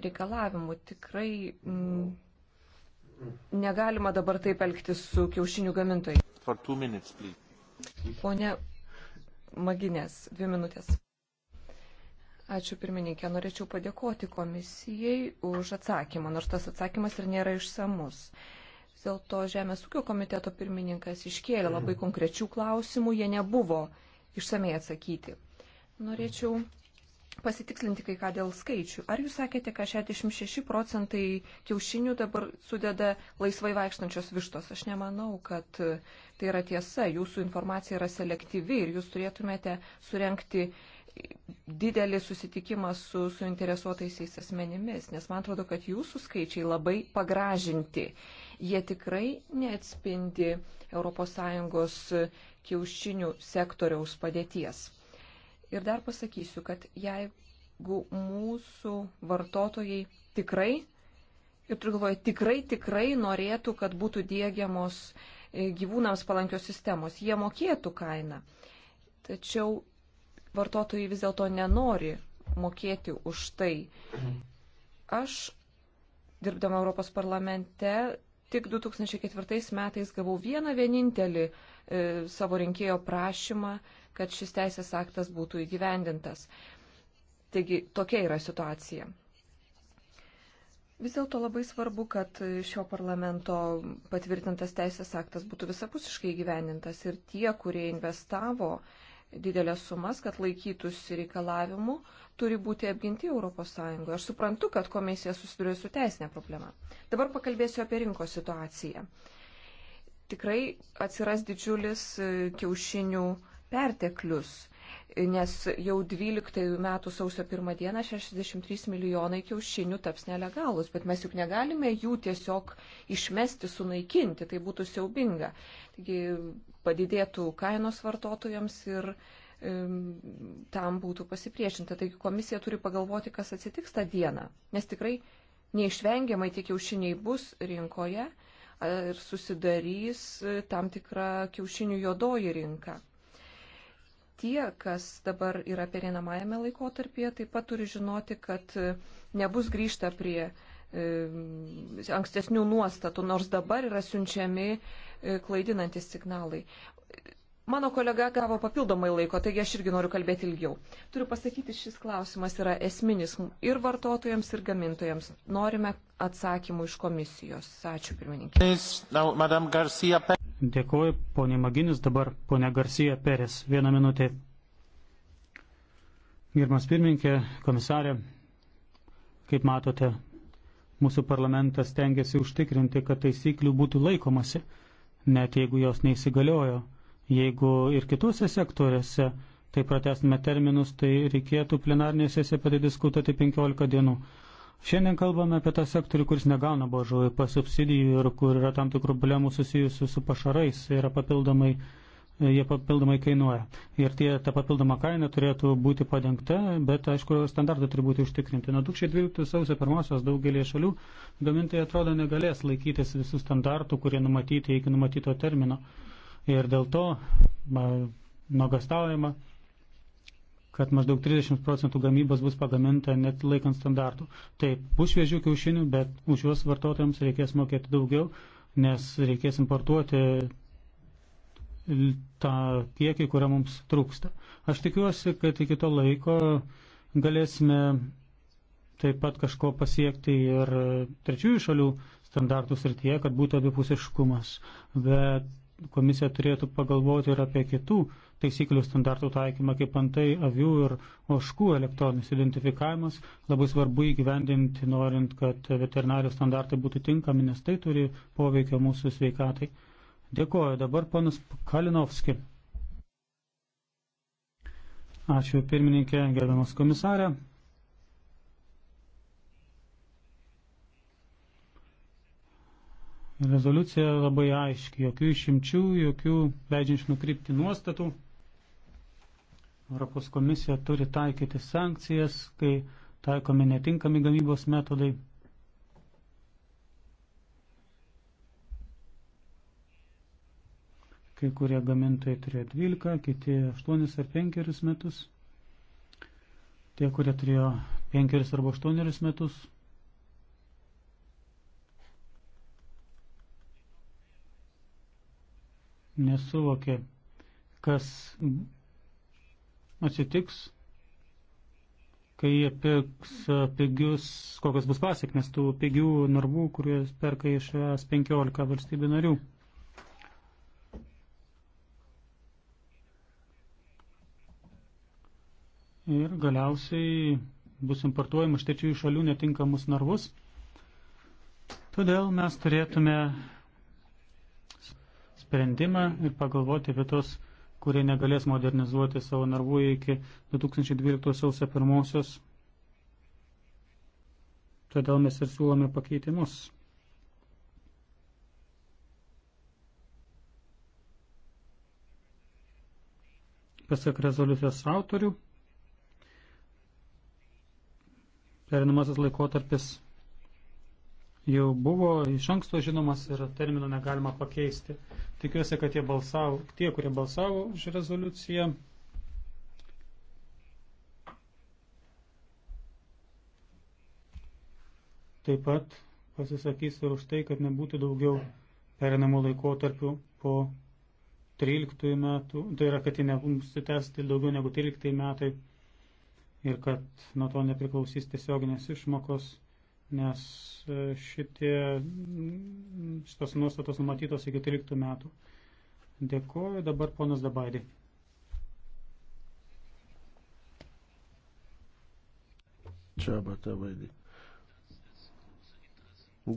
reikalavimų. Tikrai mm, negalima dabar taip elgtis su kiaušinių gamintojai. Minutes, Pone Maginės, dvi minutės. Ačiū pirmininkė. Norėčiau padėkoti komisijai už atsakymą, nors tas atsakymas ir nėra išsamus. Vis dėlto Žemės ūkio komiteto pirmininkas iškėlė labai konkrečių klausimų, jie nebuvo išsamei atsakyti. Norėčiau pasitikslinti kai ką dėl skaičių. Ar jūs sakėte, kad 66 procentai kiaušinių dabar sudeda laisvai vaikštančios vištos? Aš nemanau, kad tai yra tiesa. Jūsų informacija yra selektyvi ir jūs turėtumėte surenkti didelį susitikimą su suinteresuotaisiais asmenimis, nes man atrodo, kad jūsų skaičiai labai pagražinti. Jie tikrai neatspindi ES kiaušinių sektoriaus padėties. Ir dar pasakysiu, kad jeigu mūsų vartotojai tikrai, ir turiu galvoje, tikrai, tikrai norėtų, kad būtų dėgiamos e, gyvūnams palankios sistemos, jie mokėtų kainą. Tačiau vartotojai vis dėlto nenori mokėti už tai. Aš, dirbdama Europos parlamente, tik 2004 metais gavau vieną vienintelį e, savo rinkėjo prašymą kad šis teisės aktas būtų įgyvendintas. Taigi tokia yra situacija. Vis dėlto labai svarbu, kad šio parlamento patvirtintas teisės aktas būtų visapusiškai gyvenintas ir tie, kurie investavo didelės sumas, kad laikytųsi reikalavimų, turi būti apginti ES. Aš suprantu, kad komisija susiduria su teisinė problema. Dabar pakalbėsiu apie rinkos situaciją. Tikrai atsiras didžiulis e, kiaušinių perteklius, nes jau 12 metų sausio 1 dieną 63 milijonai kiaušinių taps nelegalus, bet mes juk negalime jų tiesiog išmesti, sunaikinti, tai būtų siaubinga. Taigi padidėtų kainos vartotojams ir tam būtų pasipriešinta. Taigi komisija turi pagalvoti, kas atsitiks tą dieną, nes tikrai neišvengiamai tie kiaušiniai bus rinkoje ir susidarys e, tam tikra kiaušinių jodoji rinka tie, kas dabar yra perinamajame laikotarpyje, taip pat turi žinoti, kad e, nebus grįžta prie e, ankstesnių nuostatų, nors dabar yra siunčiami e, klaidinantis signalai. Mano kolega gavo papildomai laiko, taigi aš irgi noriu kalbėti ilgiau. Turiu pasakyti, šis klausimas yra esminis ir vartotojams, ir gamintojams. Norime atsakymų iš komisijos. Ačiū, pirmininkė. Dėkuoju, ponė Maginis, dabar ponė Garcija Peres. Vieną minutę. Girmas pirmininkė, komisarė, kaip matote, mūsų parlamentas tengiasi užtikrinti, kad taisyklių būtų laikomasi, net jeigu jos neįsigaliojo. Jeigu ir kitose sektoriuose tai pratesime terminus, tai reikėtų plenarnėse apie tai diskutuoti 15 dienų. Šiandien kalbame apie tą sektorių, kuris negauna BŽVP subsidijų ir kur yra tam tikrų problemų susijusių su pašarais, tai yra papildomai, jie papildomai kainuoja. Ir tie, ta papildoma kaina turėtų būti padengta, bet aišku, standartai turi būti užtikrinti. Nuo 2012 sausio pirmosios daugelie šalių gamintojai atrodo negalės laikytis visų standartų, kurie numatyti iki numatyto termino. Ir dėl to nuogastaujama kad maždaug 30 procentų gamybos bus pagaminta net laikant standartų. Taip, bus šviežių kiaušinių, bet už juos vartotojams reikės mokėti daugiau, nes reikės importuoti tą kiekį, kurio mums trūksta. Aš tikiuosi, kad iki to laiko galėsime taip pat kažko pasiekti ir trečiųjų šalių standartų srityje, kad būtų abipusiškumas. Bet komisija turėtų pagalvoti ir apie kitų taisyklių standartų taikymą, kaip antai avių ir oškų elektroninis identifikavimas. Labai svarbu įgyvendinti, norint, kad veterinarijos standartai būtų tinkami, nes tai turi poveikio mūsų sveikatai. Dėkuoju. Dabar ponas Kalinovski. Ačiū pirmininkė, gerbiamas komisarė. Rezoliucija labai aiški, jokių išimčių, jokių leidžiančių nukrypti nuostatų. Europos komisija turi taikyti sankcijas, kai taikomi netinkami gamybos metodai. Kai kurie gamintojai turėjo 12, kiti 8 ar 5 metus. Tie, kurie turėjo 5 arba 8 metus, nesuvokė, kas atsitiks, kai jie pirks pigius, kokios bus pasiekmes tų pigių narvų, kuriuos perka iš 15 valstybių narių. ir galiausiai bus importuojama iš trečiųjų šalių netinkamus narvus. Todėl mes turėtume sprendimą ir pagalvoti apie tos, kurie negalės modernizuoti savo narvų iki 2012 sausio 1. Todėl mes ir siūlome pakeitimus. pasak rezoliucijos autorių, perinamasis laikotarpis jau buvo iš anksto žinomas ir termino negalima pakeisti. Tikiuosi, kad tie, balsavo, tie kurie balsavo už rezoliuciją, taip pat pasisakys ir už tai, kad nebūtų daugiau perinamų laikotarpių po 13 metų, tai yra, kad jie nebūsitęsti daugiau negu 13 metai ir kad nuo to nepriklausys tiesioginės išmokos nes e, šitie, šitas nuostatos numatytos iki 13 metų. Dėkuoju dabar ponas Dabadį. Čia bata vaidį.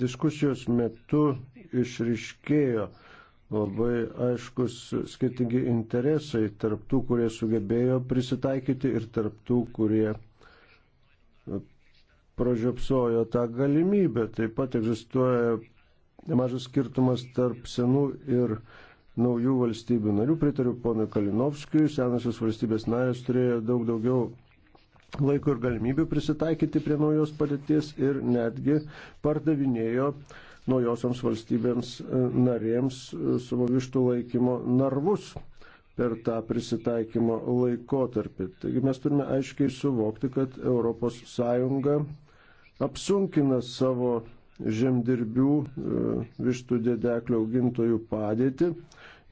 Diskusijos metu išriškėjo labai aiškus skirtingi interesai tarptų, kurie sugebėjo prisitaikyti ir tarptų, kurie pražiopsojo tą galimybę. Taip pat egzistuoja nemažas skirtumas tarp senų ir naujų valstybių narių. Pritariu ponui Kalinovskijui, senosios valstybės narės turėjo daug daugiau laiko ir galimybių prisitaikyti prie naujos padėties ir netgi pardavinėjo naujosioms valstybėms e, narėms e, savo vištų laikymo narvus per tą prisitaikymo laikotarpį. Taigi mes turime aiškiai suvokti, kad ES apsunkina savo žemdirbių e, vištų dėdeklių augintojų padėtį.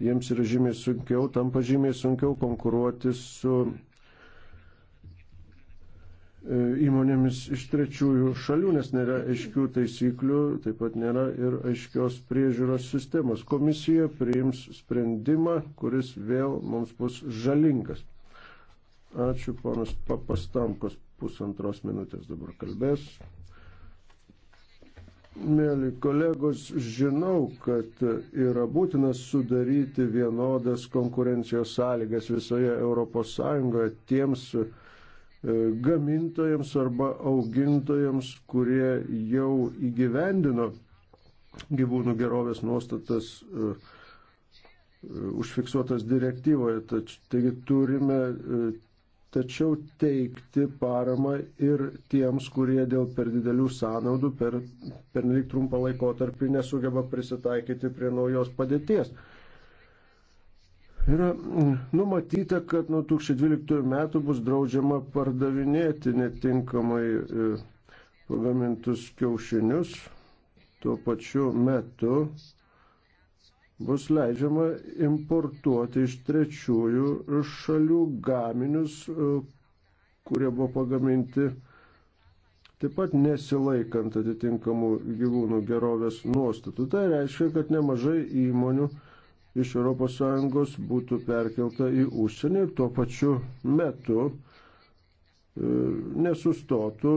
Jiems yra žymiai sunkiau, tam pažymiai sunkiau konkuruoti su e, įmonėmis iš trečiųjų šalių, nes nėra aiškių taisyklių, taip pat nėra ir aiškios priežiūros sistemos. Komisija priims sprendimą, kuris vėl mums bus žalingas. Ačiū, ponas Papastamkos pusantros minutės dabar kalbės. Mėly kolegos, žinau, kad yra būtina sudaryti vienodas konkurencijos sąlygas visoje ES tiems e, gamintojams arba augintojams, kurie jau įgyvendino gyvūnų gerovės nuostatas e, e, užfiksuotas direktyvoje. Taigi turime tačiau teikti paramą ir tiems, kurie dėl per didelių sąnaudų per, per nelik trumpą laikotarpį nesugeba prisitaikyti prie naujos padėties. Yra numatyta, kad nuo 2012 metų bus draudžiama pardavinėti netinkamai e, pagamintus kiaušinius. Tuo pačiu metu bus leidžiama importuoti iš trečiųjų šalių gaminius, e, kurie buvo pagaminti taip pat nesilaikant atitinkamų gyvūnų gerovės nuostatų. Tai reiškia, kad nemažai įmonių iš ES būtų perkelta į užsienį ir tuo pačiu metu e, nesustotų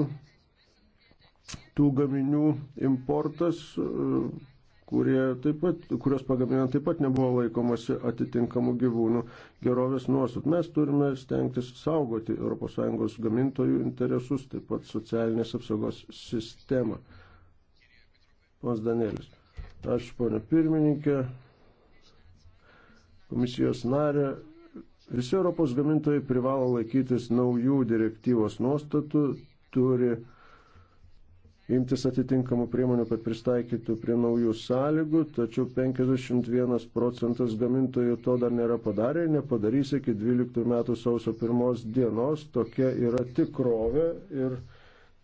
tų gaminių importas, e, kurie taip pat, kurios pagaminant taip pat nebuvo laikomasi atitinkamų gyvūnų gerovės nuostat. Mes turime stengtis saugoti ES gamintojų interesus, taip pat socialinės apsaugos sistemą. Pons Danielis. Ačiū, ponė pirmininkė, komisijos narė. Visi Europos gamintojai privalo laikytis naujų direktyvos nuostatų, turi imtis atitinkamų priemonių, kad pristaikytų prie naujų sąlygų, tačiau 51 procentas gamintojų to dar nėra padarę ir nepadarys iki 12 metų sausio 1 dienos. Tokia yra tikrovė ir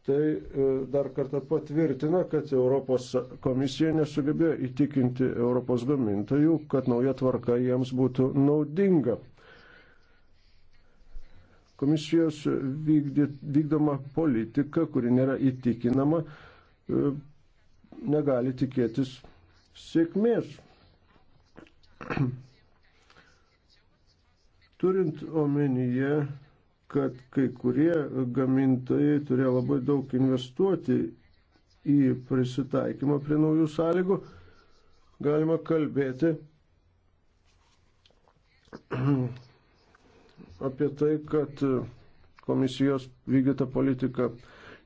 tai e, dar kartą patvirtina, kad Europos komisija nesugebėjo įtikinti Europos gamintojų, kad nauja tvarka jiems būtų naudinga. Komisijos vykdyt, vykdoma politika, kuri nėra įtikinama, e, negali tikėtis sėkmės. [clears throat] Turint omenyje, kad kai kurie gamintojai turėjo labai daug investuoti į prisitaikymą prie naujų sąlygų, galima kalbėti [clears throat] apie tai, kad komisijos vykdyta politika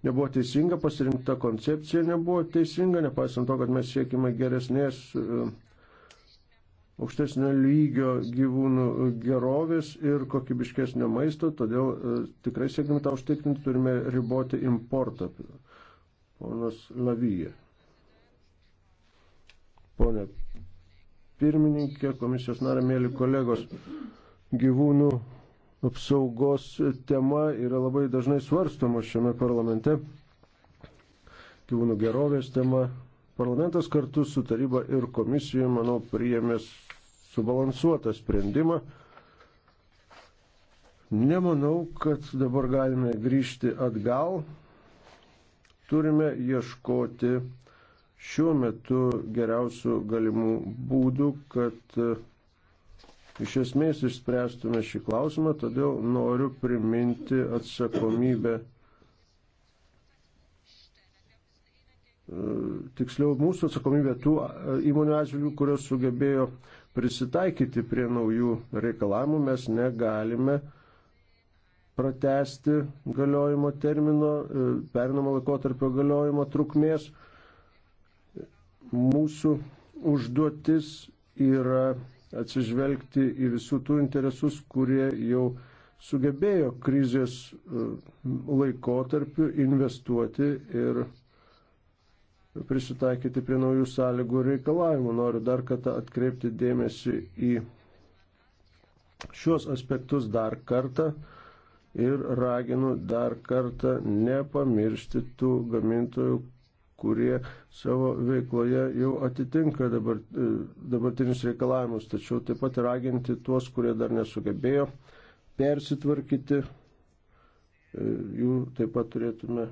nebuvo teisinga, pasirinkta koncepcija nebuvo teisinga, nepaisant to, kad mes siekime geresnės e, aukštesnio lygio gyvūnų gerovės ir kokybiškesnio maisto, todėl e, tikrai siekdami tą užtikrinti turime riboti importą. Ponas Lavyje. Pone pirmininkė, komisijos narė, mėly kolegos, gyvūnų apsaugos tema yra labai dažnai svarstoma šiame parlamente, gyvūnų gerovės tema. Parlamentas kartu su taryba ir komisija, manau, priėmė subalansuotą sprendimą. Nemanau, kad dabar galime grįžti atgal. Turime ieškoti šiuo metu geriausių galimų būdų, kad iš esmės išspręstume šį klausimą, todėl noriu priminti atsakomybę. Tiksliau, mūsų atsakomybė tų e, įmonių atžvilgių, kurios sugebėjo prisitaikyti prie naujų reikalavimų, mes negalime pratesti galiojimo termino, e, pernamo laikotarpio galiojimo trukmės. Mūsų užduotis yra atsižvelgti į visų tų interesus, kurie jau sugebėjo krizės e, laikotarpiu investuoti ir prisitaikyti prie naujų sąlygų ir reikalavimų. Noriu dar kartą atkreipti dėmesį į šios aspektus dar kartą ir raginu dar kartą nepamiršti tų gamintojų, kurie savo veikloje jau atitinka dabar, e, dabartinius reikalavimus, tačiau taip pat raginti tuos, kurie dar nesugebėjo persitvarkyti, e, jų taip pat turėtume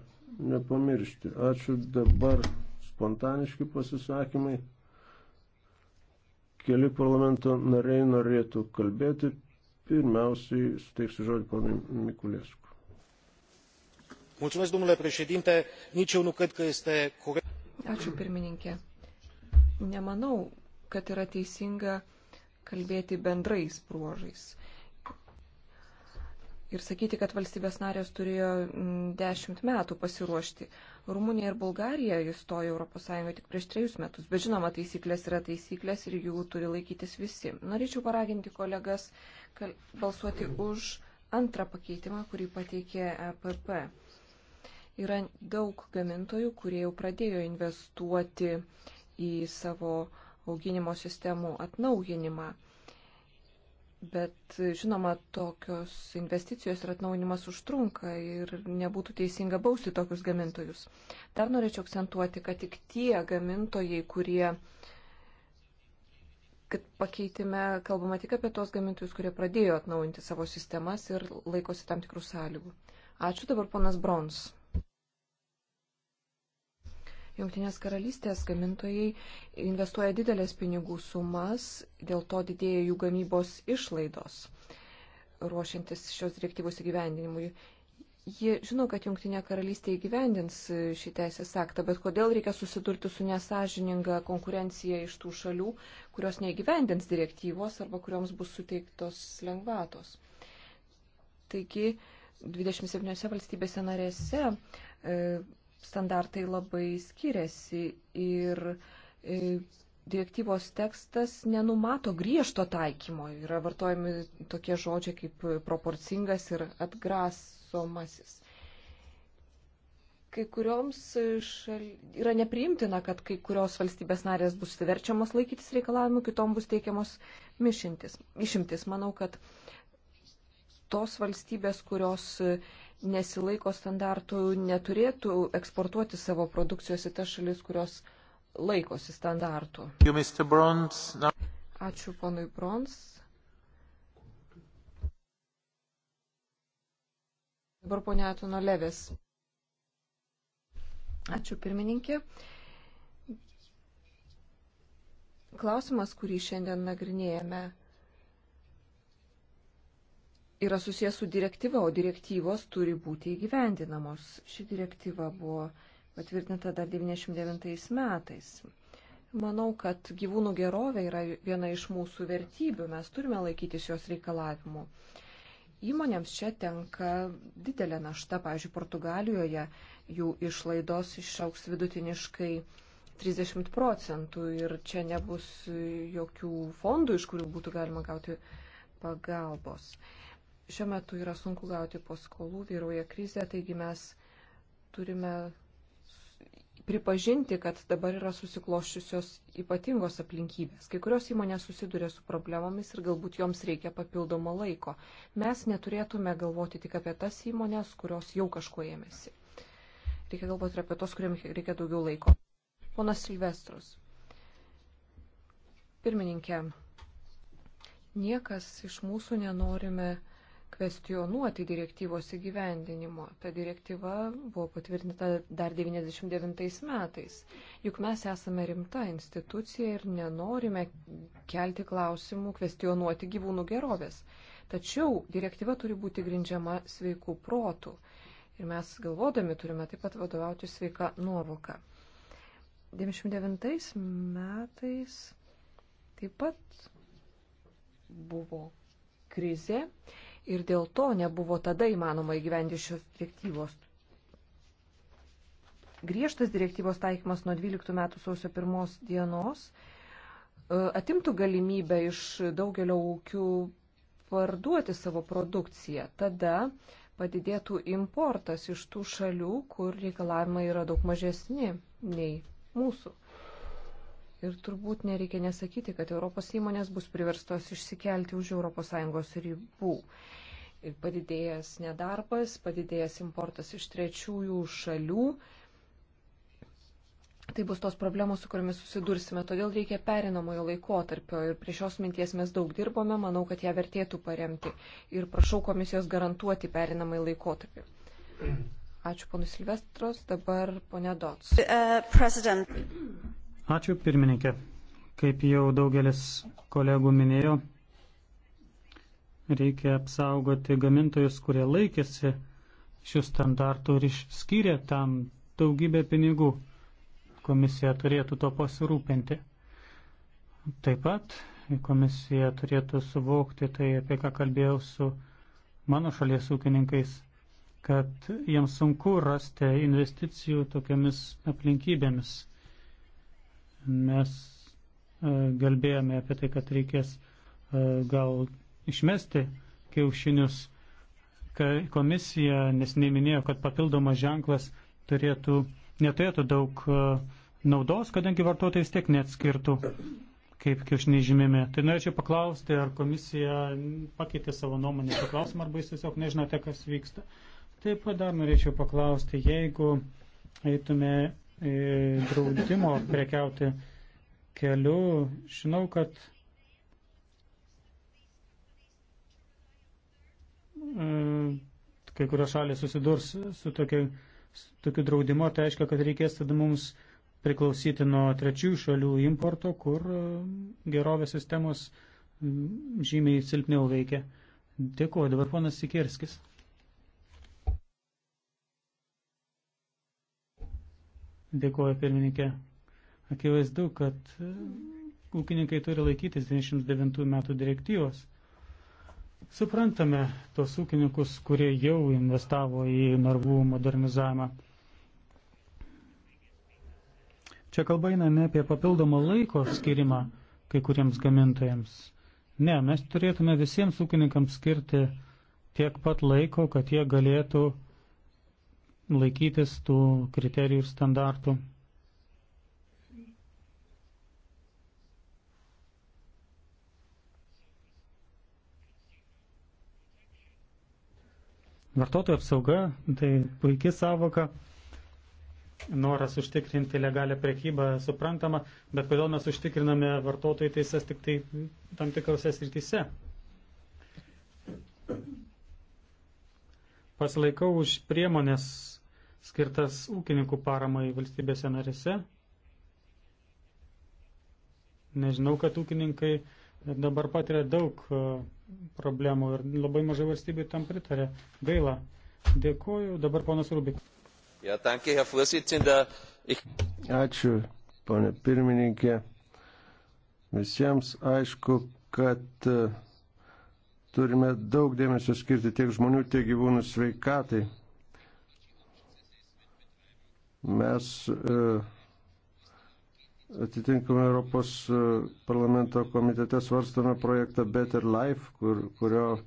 nepamiršti. Ačiū dabar spontaniški pasisakymai. Keli parlamento nariai norėtų kalbėti. Pirmiausiai suteiksiu žodį ponui Mikulėsku nici eu nu cred că este corect. Ačiū pirmininkė. Nemanau, kad yra teisinga kalbėti bendrais bruožais. Ir sakyti, kad valstybės narės turėjo dešimt metų pasiruošti. Rumunija ir Bulgarija įstojo Europos Sąjungoje tik prieš trejus metus, bet žinoma, taisyklės yra taisyklės ir jų turi laikytis visi. Norėčiau paraginti kolegas balsuoti už antrą pakeitimą, kurį pateikė EPP. Yra daug gamintojų, kurie jau pradėjo investuoti į savo auginimo sistemų atnaujinimą. Bet žinoma, tokios investicijos ir atnaujinimas užtrunka ir nebūtų teisinga bausti tokius gamintojus. Dar norėčiau akcentuoti, kad tik tie gamintojai, kurie, kad pakeitime, kalbama tik apie tos gamintojus, kurie pradėjo atnaujinti savo sistemas ir laikosi tam tikrų sąlygų. Ačiū dabar ponas Brons. Jungtinės karalystės gamintojai investuoja didelės pinigų sumas, dėl to didėja jų gamybos išlaidos, ruošiantis šios direktyvos įgyvendinimui. Jie žino, kad Jungtinė karalystė įgyvendins šį teisės aktą, bet kodėl reikia susidurti su nesažininga konkurencija iš tų šalių, kurios neįgyvendins direktyvos arba kurioms bus suteiktos lengvatos. Taigi, 27 valstybėse narėse e, standartai labai skiriasi ir e, direktyvos tekstas nenumato griežto taikymo. Yra vartojami tokie žodžiai kaip proporcingas ir atgrasomasis. Kai kurioms šal... yra nepriimtina, kad kai kurios valstybės narės bus verčiamos laikytis reikalavimų, kitom bus teikiamos mišintis. išimtis. Manau, kad tos valstybės, kurios nesilaiko standartų, neturėtų eksportuoti savo produkcijos į tas šalis, kurios laikosi standartų. Ačiū ponui Brons. Dabar ponia Atuno Levės. Ačiū pirmininkė. Klausimas, kurį šiandien nagrinėjame, yra susijęs su direktyva, o direktyvos turi būti įgyvendinamos. Ši direktyva buvo patvirtinta dar 99 metais. Manau, kad gyvūnų gerovė yra viena iš mūsų vertybių, mes turime laikytis jos reikalavimų. Įmonėms čia tenka didelė našta, pavyzdžiui, Portugalijoje jų išlaidos išauks vidutiniškai 30 procentų ir čia nebus jokių fondų, iš kurių būtų galima gauti pagalbos. Uh, Šiuo metu yra sunku gauti paskolų, vyrauja krizė, taigi mes turime pripažinti, kad dabar yra susikloščiusios ypatingos aplinkybės. Kai kurios įmonės susiduria su problemomis ir galbūt joms reikia papildomo laiko. Mes neturėtume galvoti tik apie tas įmonės, kurios jau kažko ėmėsi. Reikia galvoti ir apie tos, kuriems reikia daugiau laiko. Ponas Silvestrus. Pirmininkė, niekas iš mūsų nenorime kvestionuoti direktyvos įgyvendinimo. Ta direktyva buvo patvirtinta dar 99 metais. Juk mes esame rimta institucija ir nenorime kelti klausimų, kvestionuoti gyvūnų gerovės. Tačiau direktyva turi būti grindžiama sveiku protu. Ir mes galvodami turime taip pat vadovauti sveika nuovoka. 99 metais taip pat buvo krizė ir dėl to nebuvo tada įmanoma įgyventi šios direktyvos. Griežtas direktyvos taikymas nuo 12 metų sausio 1 dienos e, atimtų galimybę iš daugelio ūkių parduoti savo produkciją. Tada padidėtų importas iš tų šalių, kur reikalavimai yra daug mažesni nei mūsų. Ir turbūt nereikia nesakyti, kad Europos įmonės bus priverstos išsikelti už ES ribų. Ir padidėjęs nedarbas, padidėjęs importas iš trečiųjų šalių. Tai bus tos problemos, su kuriamis susidursime. Todėl reikia perinamojo laikotarpio ir prie šios minties mes daug dirbome, manau, kad ją vertėtų paremti. Ir prašau komisijos garantuoti perinamąjį laikotarpį. Ačiū ponui Silvestros, dabar ponė Dots. Uh, president. Ačiū pirmininkė. Kaip jau daugelis kolegų minėjo, reikia apsaugoti gamintojus, kurie laikėsi šių standartų ir išskyrė tam daugybę pinigų. Komisija turėtų to pasirūpinti. Taip pat komisija turėtų suvokti tai, apie ką kalbėjau su mano šalies ūkininkais, kad jiems sunku rasti investicijų tokiamis aplinkybėmis. Mes kalbėjome e, apie tai, kad reikės e, gal išmesti kiaušinius. Komisija nesiniai minėjo, kad papildomas ženklas turėtų, neturėtų daug e, naudos, kadangi vartotojai vis tiek neatskirtų, kaip kiaušiniai žymimi. Tai norėčiau paklausti, ar komisija pakeitė savo nuomonę šio klausimą, arba jūs tiesiog nežinote, kas vyksta. Taip pat dar norėčiau paklausti, jeigu eitume draudimo prekiauti keliu, žinau, kad e, kai kurios šalis susidurs su tokiu, su tokiu draudimu, tai reiškia, kad reikės tada mums priklausyti nuo trečiųjų šalių importo, kur e, gerovės sistemos žymiai silpniau veikia. Dėkuoju, dabar ponas Sikirskis. Dėkuoju, pirmininkė. Akivaizdu, kad e, ūkininkai turi laikytis 29 metų direktyvos. Suprantame tos ūkininkus, kurie jau investavo į narvų modernizavimą. Čia kalba eina ne apie papildomą laiko skirimą kai kuriems gamintojams. Ne, mes turėtume visiems ūkininkams skirti tiek pat laiko, kad jie galėtų uh, laikytis tų kriterijų ir standartų. Vartotojų apsauga - tai puikia savoka, noras užtikrinti legalią prekybą suprantama, bet kodėl mes užtikriname vartotojų teises tik tai tam tikrose srityse? Pasilaikau už priemonės skirtas ūkininkų paramai valstybėse narėse. Nežinau, kad ūkininkai dabar patiria daug e, problemų ir labai mažai valstybių tam pritarė. Gaila. Dėkuoju. Dabar ponas Rubik. Ja, danke, Herr Vorsitzender. Ich... Ačiū, ponė pirmininkė. Visiems aišku, kad e, turime daug dėmesio skirti tiek žmonių, tiek gyvūnų sveikatai mes e, atitinkamai Europos e, parlamento komitete svarstame projektą Better Life, kur, kurio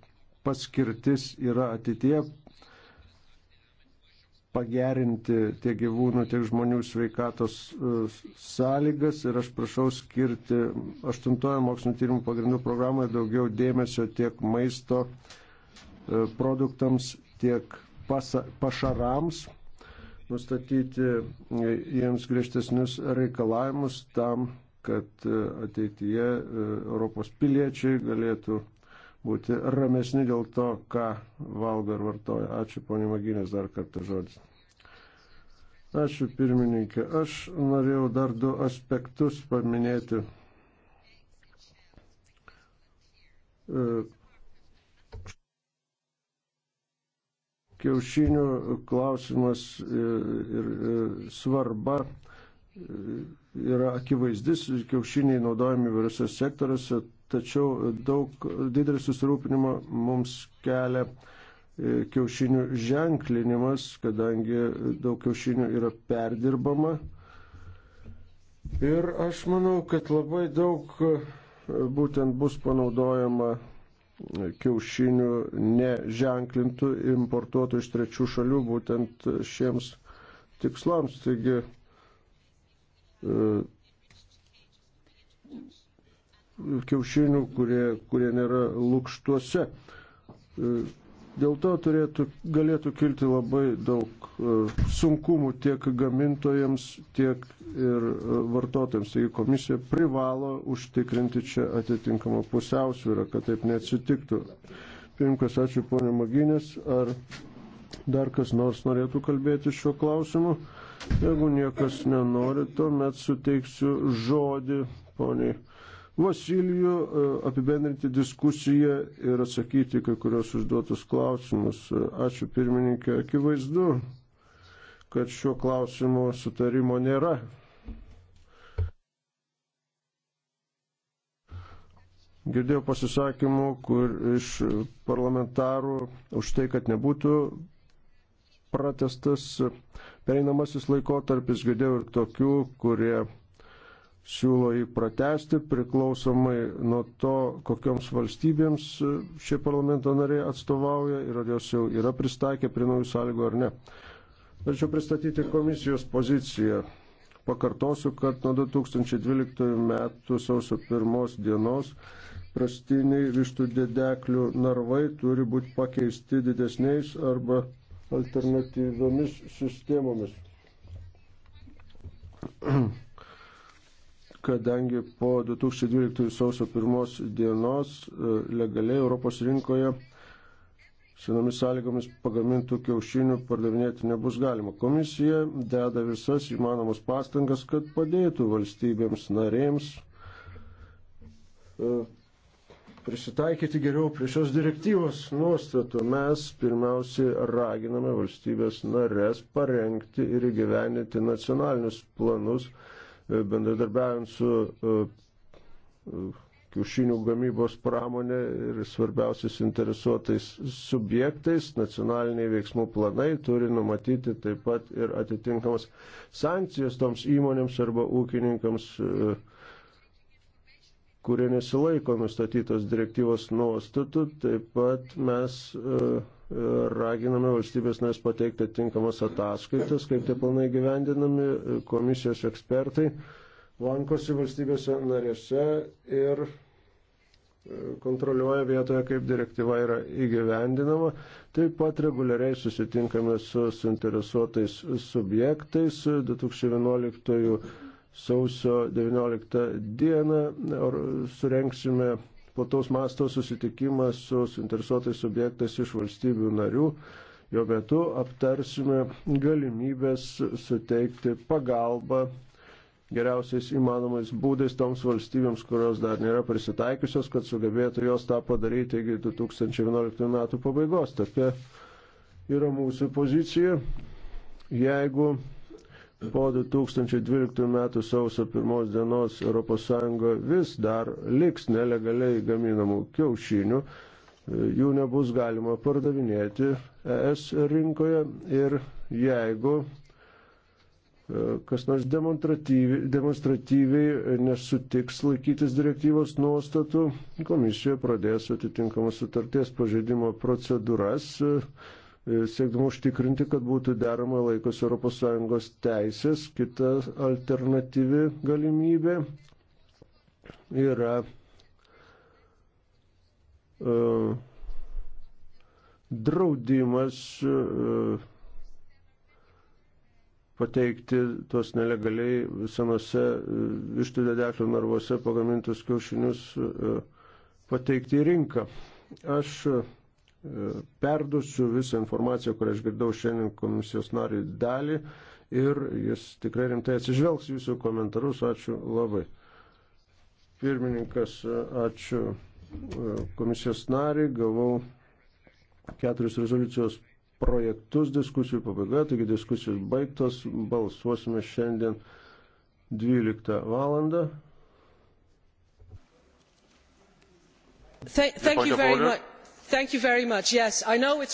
paskirtis yra ateitie pagerinti tiek gyvūnų, tiek žmonių sveikatos e, sąlygas ir aš prašau skirti aštuntojo mokslinio tyrimų pagrindų programoje daugiau dėmesio tiek maisto produktams, tiek pasa, pašarams nustatyti e, jiems griežtesnius reikalavimus tam, kad e, ateityje e, Europos piliečiai galėtų būti ramesni dėl to, ką valgo ir vartoja. Ačiū, ponė Maginės, dar kartą žodis. Ačiū, pirmininkė. Aš norėjau dar du aspektus paminėti kiaušinių klausimas ir svarba yra akivaizdis, kiaušiniai naudojami įvairiose sektoriuose, tačiau daug didelį susirūpinimą mums kelia e, kiaušinių ženklinimas, kadangi daug kiaušinių yra perdirbama. Ir aš manau, kad labai daug e, būtent bus panaudojama kiaušinių neženklintų, importuotų iš trečių šalių būtent šiems tikslams. Taigi, e, kiaušinių, kurie, kurie nėra lūkštuose. E, Dėl to turėtų, galėtų kilti labai daug e, sunkumų tiek gamintojams, tiek ir e, vartotojams. Taigi komisija privalo užtikrinti čia atitinkamą pusiausvyrą, kad taip neatsitiktų. Pirmkas, ačiū ponė Maginės. Ar dar kas nors norėtų kalbėti šiuo klausimu? Jeigu niekas nenori, tuomet suteiksiu žodį poniai. Vasilijų e, apibendrinti diskusiją ir atsakyti kai kurios užduotus klausimus. Ačiū pirmininkė, akivaizdu, kad šiuo klausimu sutarimo nėra. Girdėjau pasisakymų kur iš parlamentarų už tai, kad nebūtų pratestas pereinamasis laikotarpis, girdėjau ir tokių, kurie siūlo jį pratesti priklausomai nuo to, kokioms valstybėms e, šie parlamento nariai atstovauja ir ar jos jau yra pristaikę prie naujų sąlygų ar ne. Norėčiau pristatyti komisijos poziciją. Pakartosiu, kad nuo 2012 metų sausio pirmos dienos prastiniai vištų dėdeklių narvai turi būti pakeisti didesniais arba alternatyviomis sistemomis. [clears throat] kadangi po 2012 sausio 1 dienos e, legaliai Europos rinkoje senomis sąlygomis pagamintų kiaušinių pardavinėti nebus galima. Komisija deda visas įmanomas pastangas, kad padėtų valstybėms narėms e, prisitaikyti geriau prie šios direktyvos nuostatų. Mes pirmiausiai raginame valstybės narės parengti ir įgyveninti nacionalinius planus E, bendradarbiavant su e, e, kiaušinių gamybos pramonė ir svarbiausiais interesuotais subjektais nacionaliniai veiksmų planai turi numatyti taip pat ir atitinkamas sankcijas toms įmonėms arba ūkininkams, kurie nesilaiko nustatytos direktyvos nuostatų. Taip pat mes raginame valstybės nes pateikti tinkamas ataskaitas, kaip tie planai gyvendinami, komisijos ekspertai lankosi valstybėse narėse ir e, kontroliuoja vietoje, kaip direktyva yra įgyvendinama. Taip pat reguliariai susitinkame su suinteresuotais subjektais. 2011 sausio 19 dieną surenksime plataus masto susitikimas su suinteresuotais subjektais iš valstybių narių. Jo metu aptarsime galimybės suteikti pagalbą geriausiais įmanomais būdais toms valstybėms, kurios dar nėra prisitaikiusios, kad sugebėtų jos tą padaryti iki 2011 metų pabaigos. Tokia yra mūsų pozicija. Jeigu po 2012 m. sausio 1 dienos ES vis dar liks nelegaliai gaminamų kiaušinių, jų nebus galima pardavinėti ES rinkoje ir jeigu e, kas nors demonstratyviai, demonstratyviai nesutiks laikytis direktyvos nuostatų, komisija pradės atitinkamas sutarties pažeidimo procedūras E, siekdama užtikrinti, kad būtų derama laikos ES teisės. Kita alternatyvi galimybė yra uh, draudimas uh, pateikti tuos nelegaliai senose uh, vištų dedeklių narvose pagamintus kiaušinius pateikti į rinką. Aš perdusiu visą informaciją, kurią aš girdau šiandien komisijos nariui dalį ir jis tikrai rimtai atsižvelgs jūsų komentarus. Ačiū labai. Pirmininkas, ačiū e, komisijos nariui. Gavau keturis rezoliucijos projektus diskusijų pabaigoje, taigi diskusijos baigtos. Balsuosime šiandien 12 valandą. Thank, thank you very much. Yes,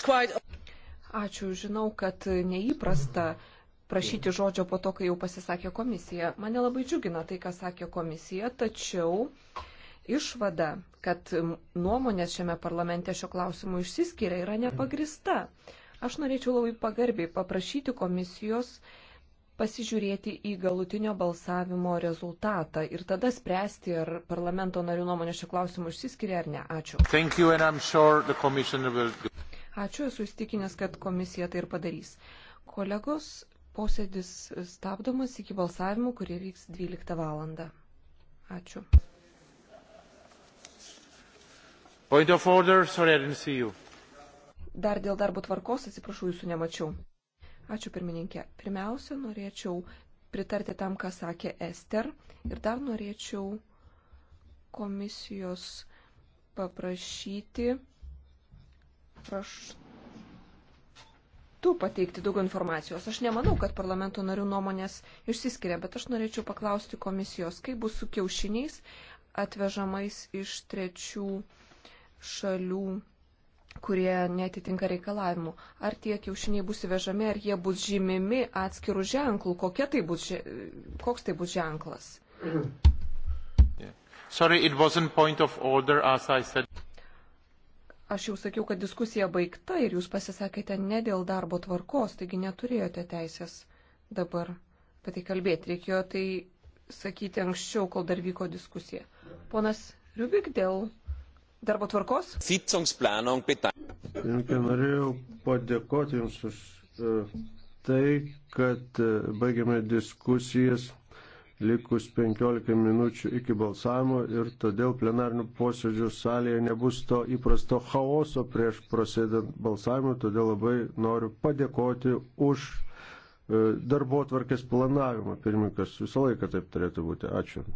quite... Ačiū, žinau, kad neįprasta prašyti žodžio po to, kai jau pasisakė komisija. Mane labai džiugina tai, ką sakė komisija, tačiau išvada, kad nuomonės šiame parlamente šio klausimu išsiskiria, yra nepagrista. Aš norėčiau labai pagarbiai paprašyti komisijos pasižiūrėti į galutinio balsavimo rezultatą ir tada spręsti, ar parlamento narių nuomonė šio klausimu išsiskiria ar ne. Ačiū. You, sure will... Ačiū, esu įstikinęs, kad komisija tai ir padarys. Kolegos, posėdis stabdomas iki balsavimų, kurie vyks 12 val. Ačiū. Order, sorry, Dar dėl darbo tvarkos atsiprašau, jūsų nemačiau. Ačiū pirmininkė. Pirmiausia, norėčiau pritarti tam, ką sakė Ester ir dar norėčiau komisijos paprašyti raštu pateikti daug informacijos. Aš nemanau, kad parlamento narių nuomonės išsiskiria, bet aš norėčiau paklausti komisijos, kaip bus su kiaušiniais atvežamais iš trečių šalių kurie netitinka reikalavimų. Ar tie kiaušiniai bus įvežami, ar jie bus žymimi atskirų ženklų, tai bus, koks tai bus ženklas. Yeah. Sorry, order, Aš jau sakiau, kad diskusija baigta ir jūs pasisakėte ne dėl darbo tvarkos, taigi neturėjote teisės dabar apie tai kalbėti. Reikėjo tai sakyti anksčiau, kol dar vyko diskusija. Ponas Rubik dėl darbo tvarkos. Pirmininkė, norėjau padėkoti Jums už e, tai, kad e, baigiame diskusijas likus 15 minučių iki balsavimo ir todėl plenarnių posėdžių salėje nebus to įprasto chaoso prieš prasidant balsavimui, todėl labai noriu padėkoti už e, darbo tvarkės planavimą. Pirmininkas visą laiką taip turėtų būti. Ačiū.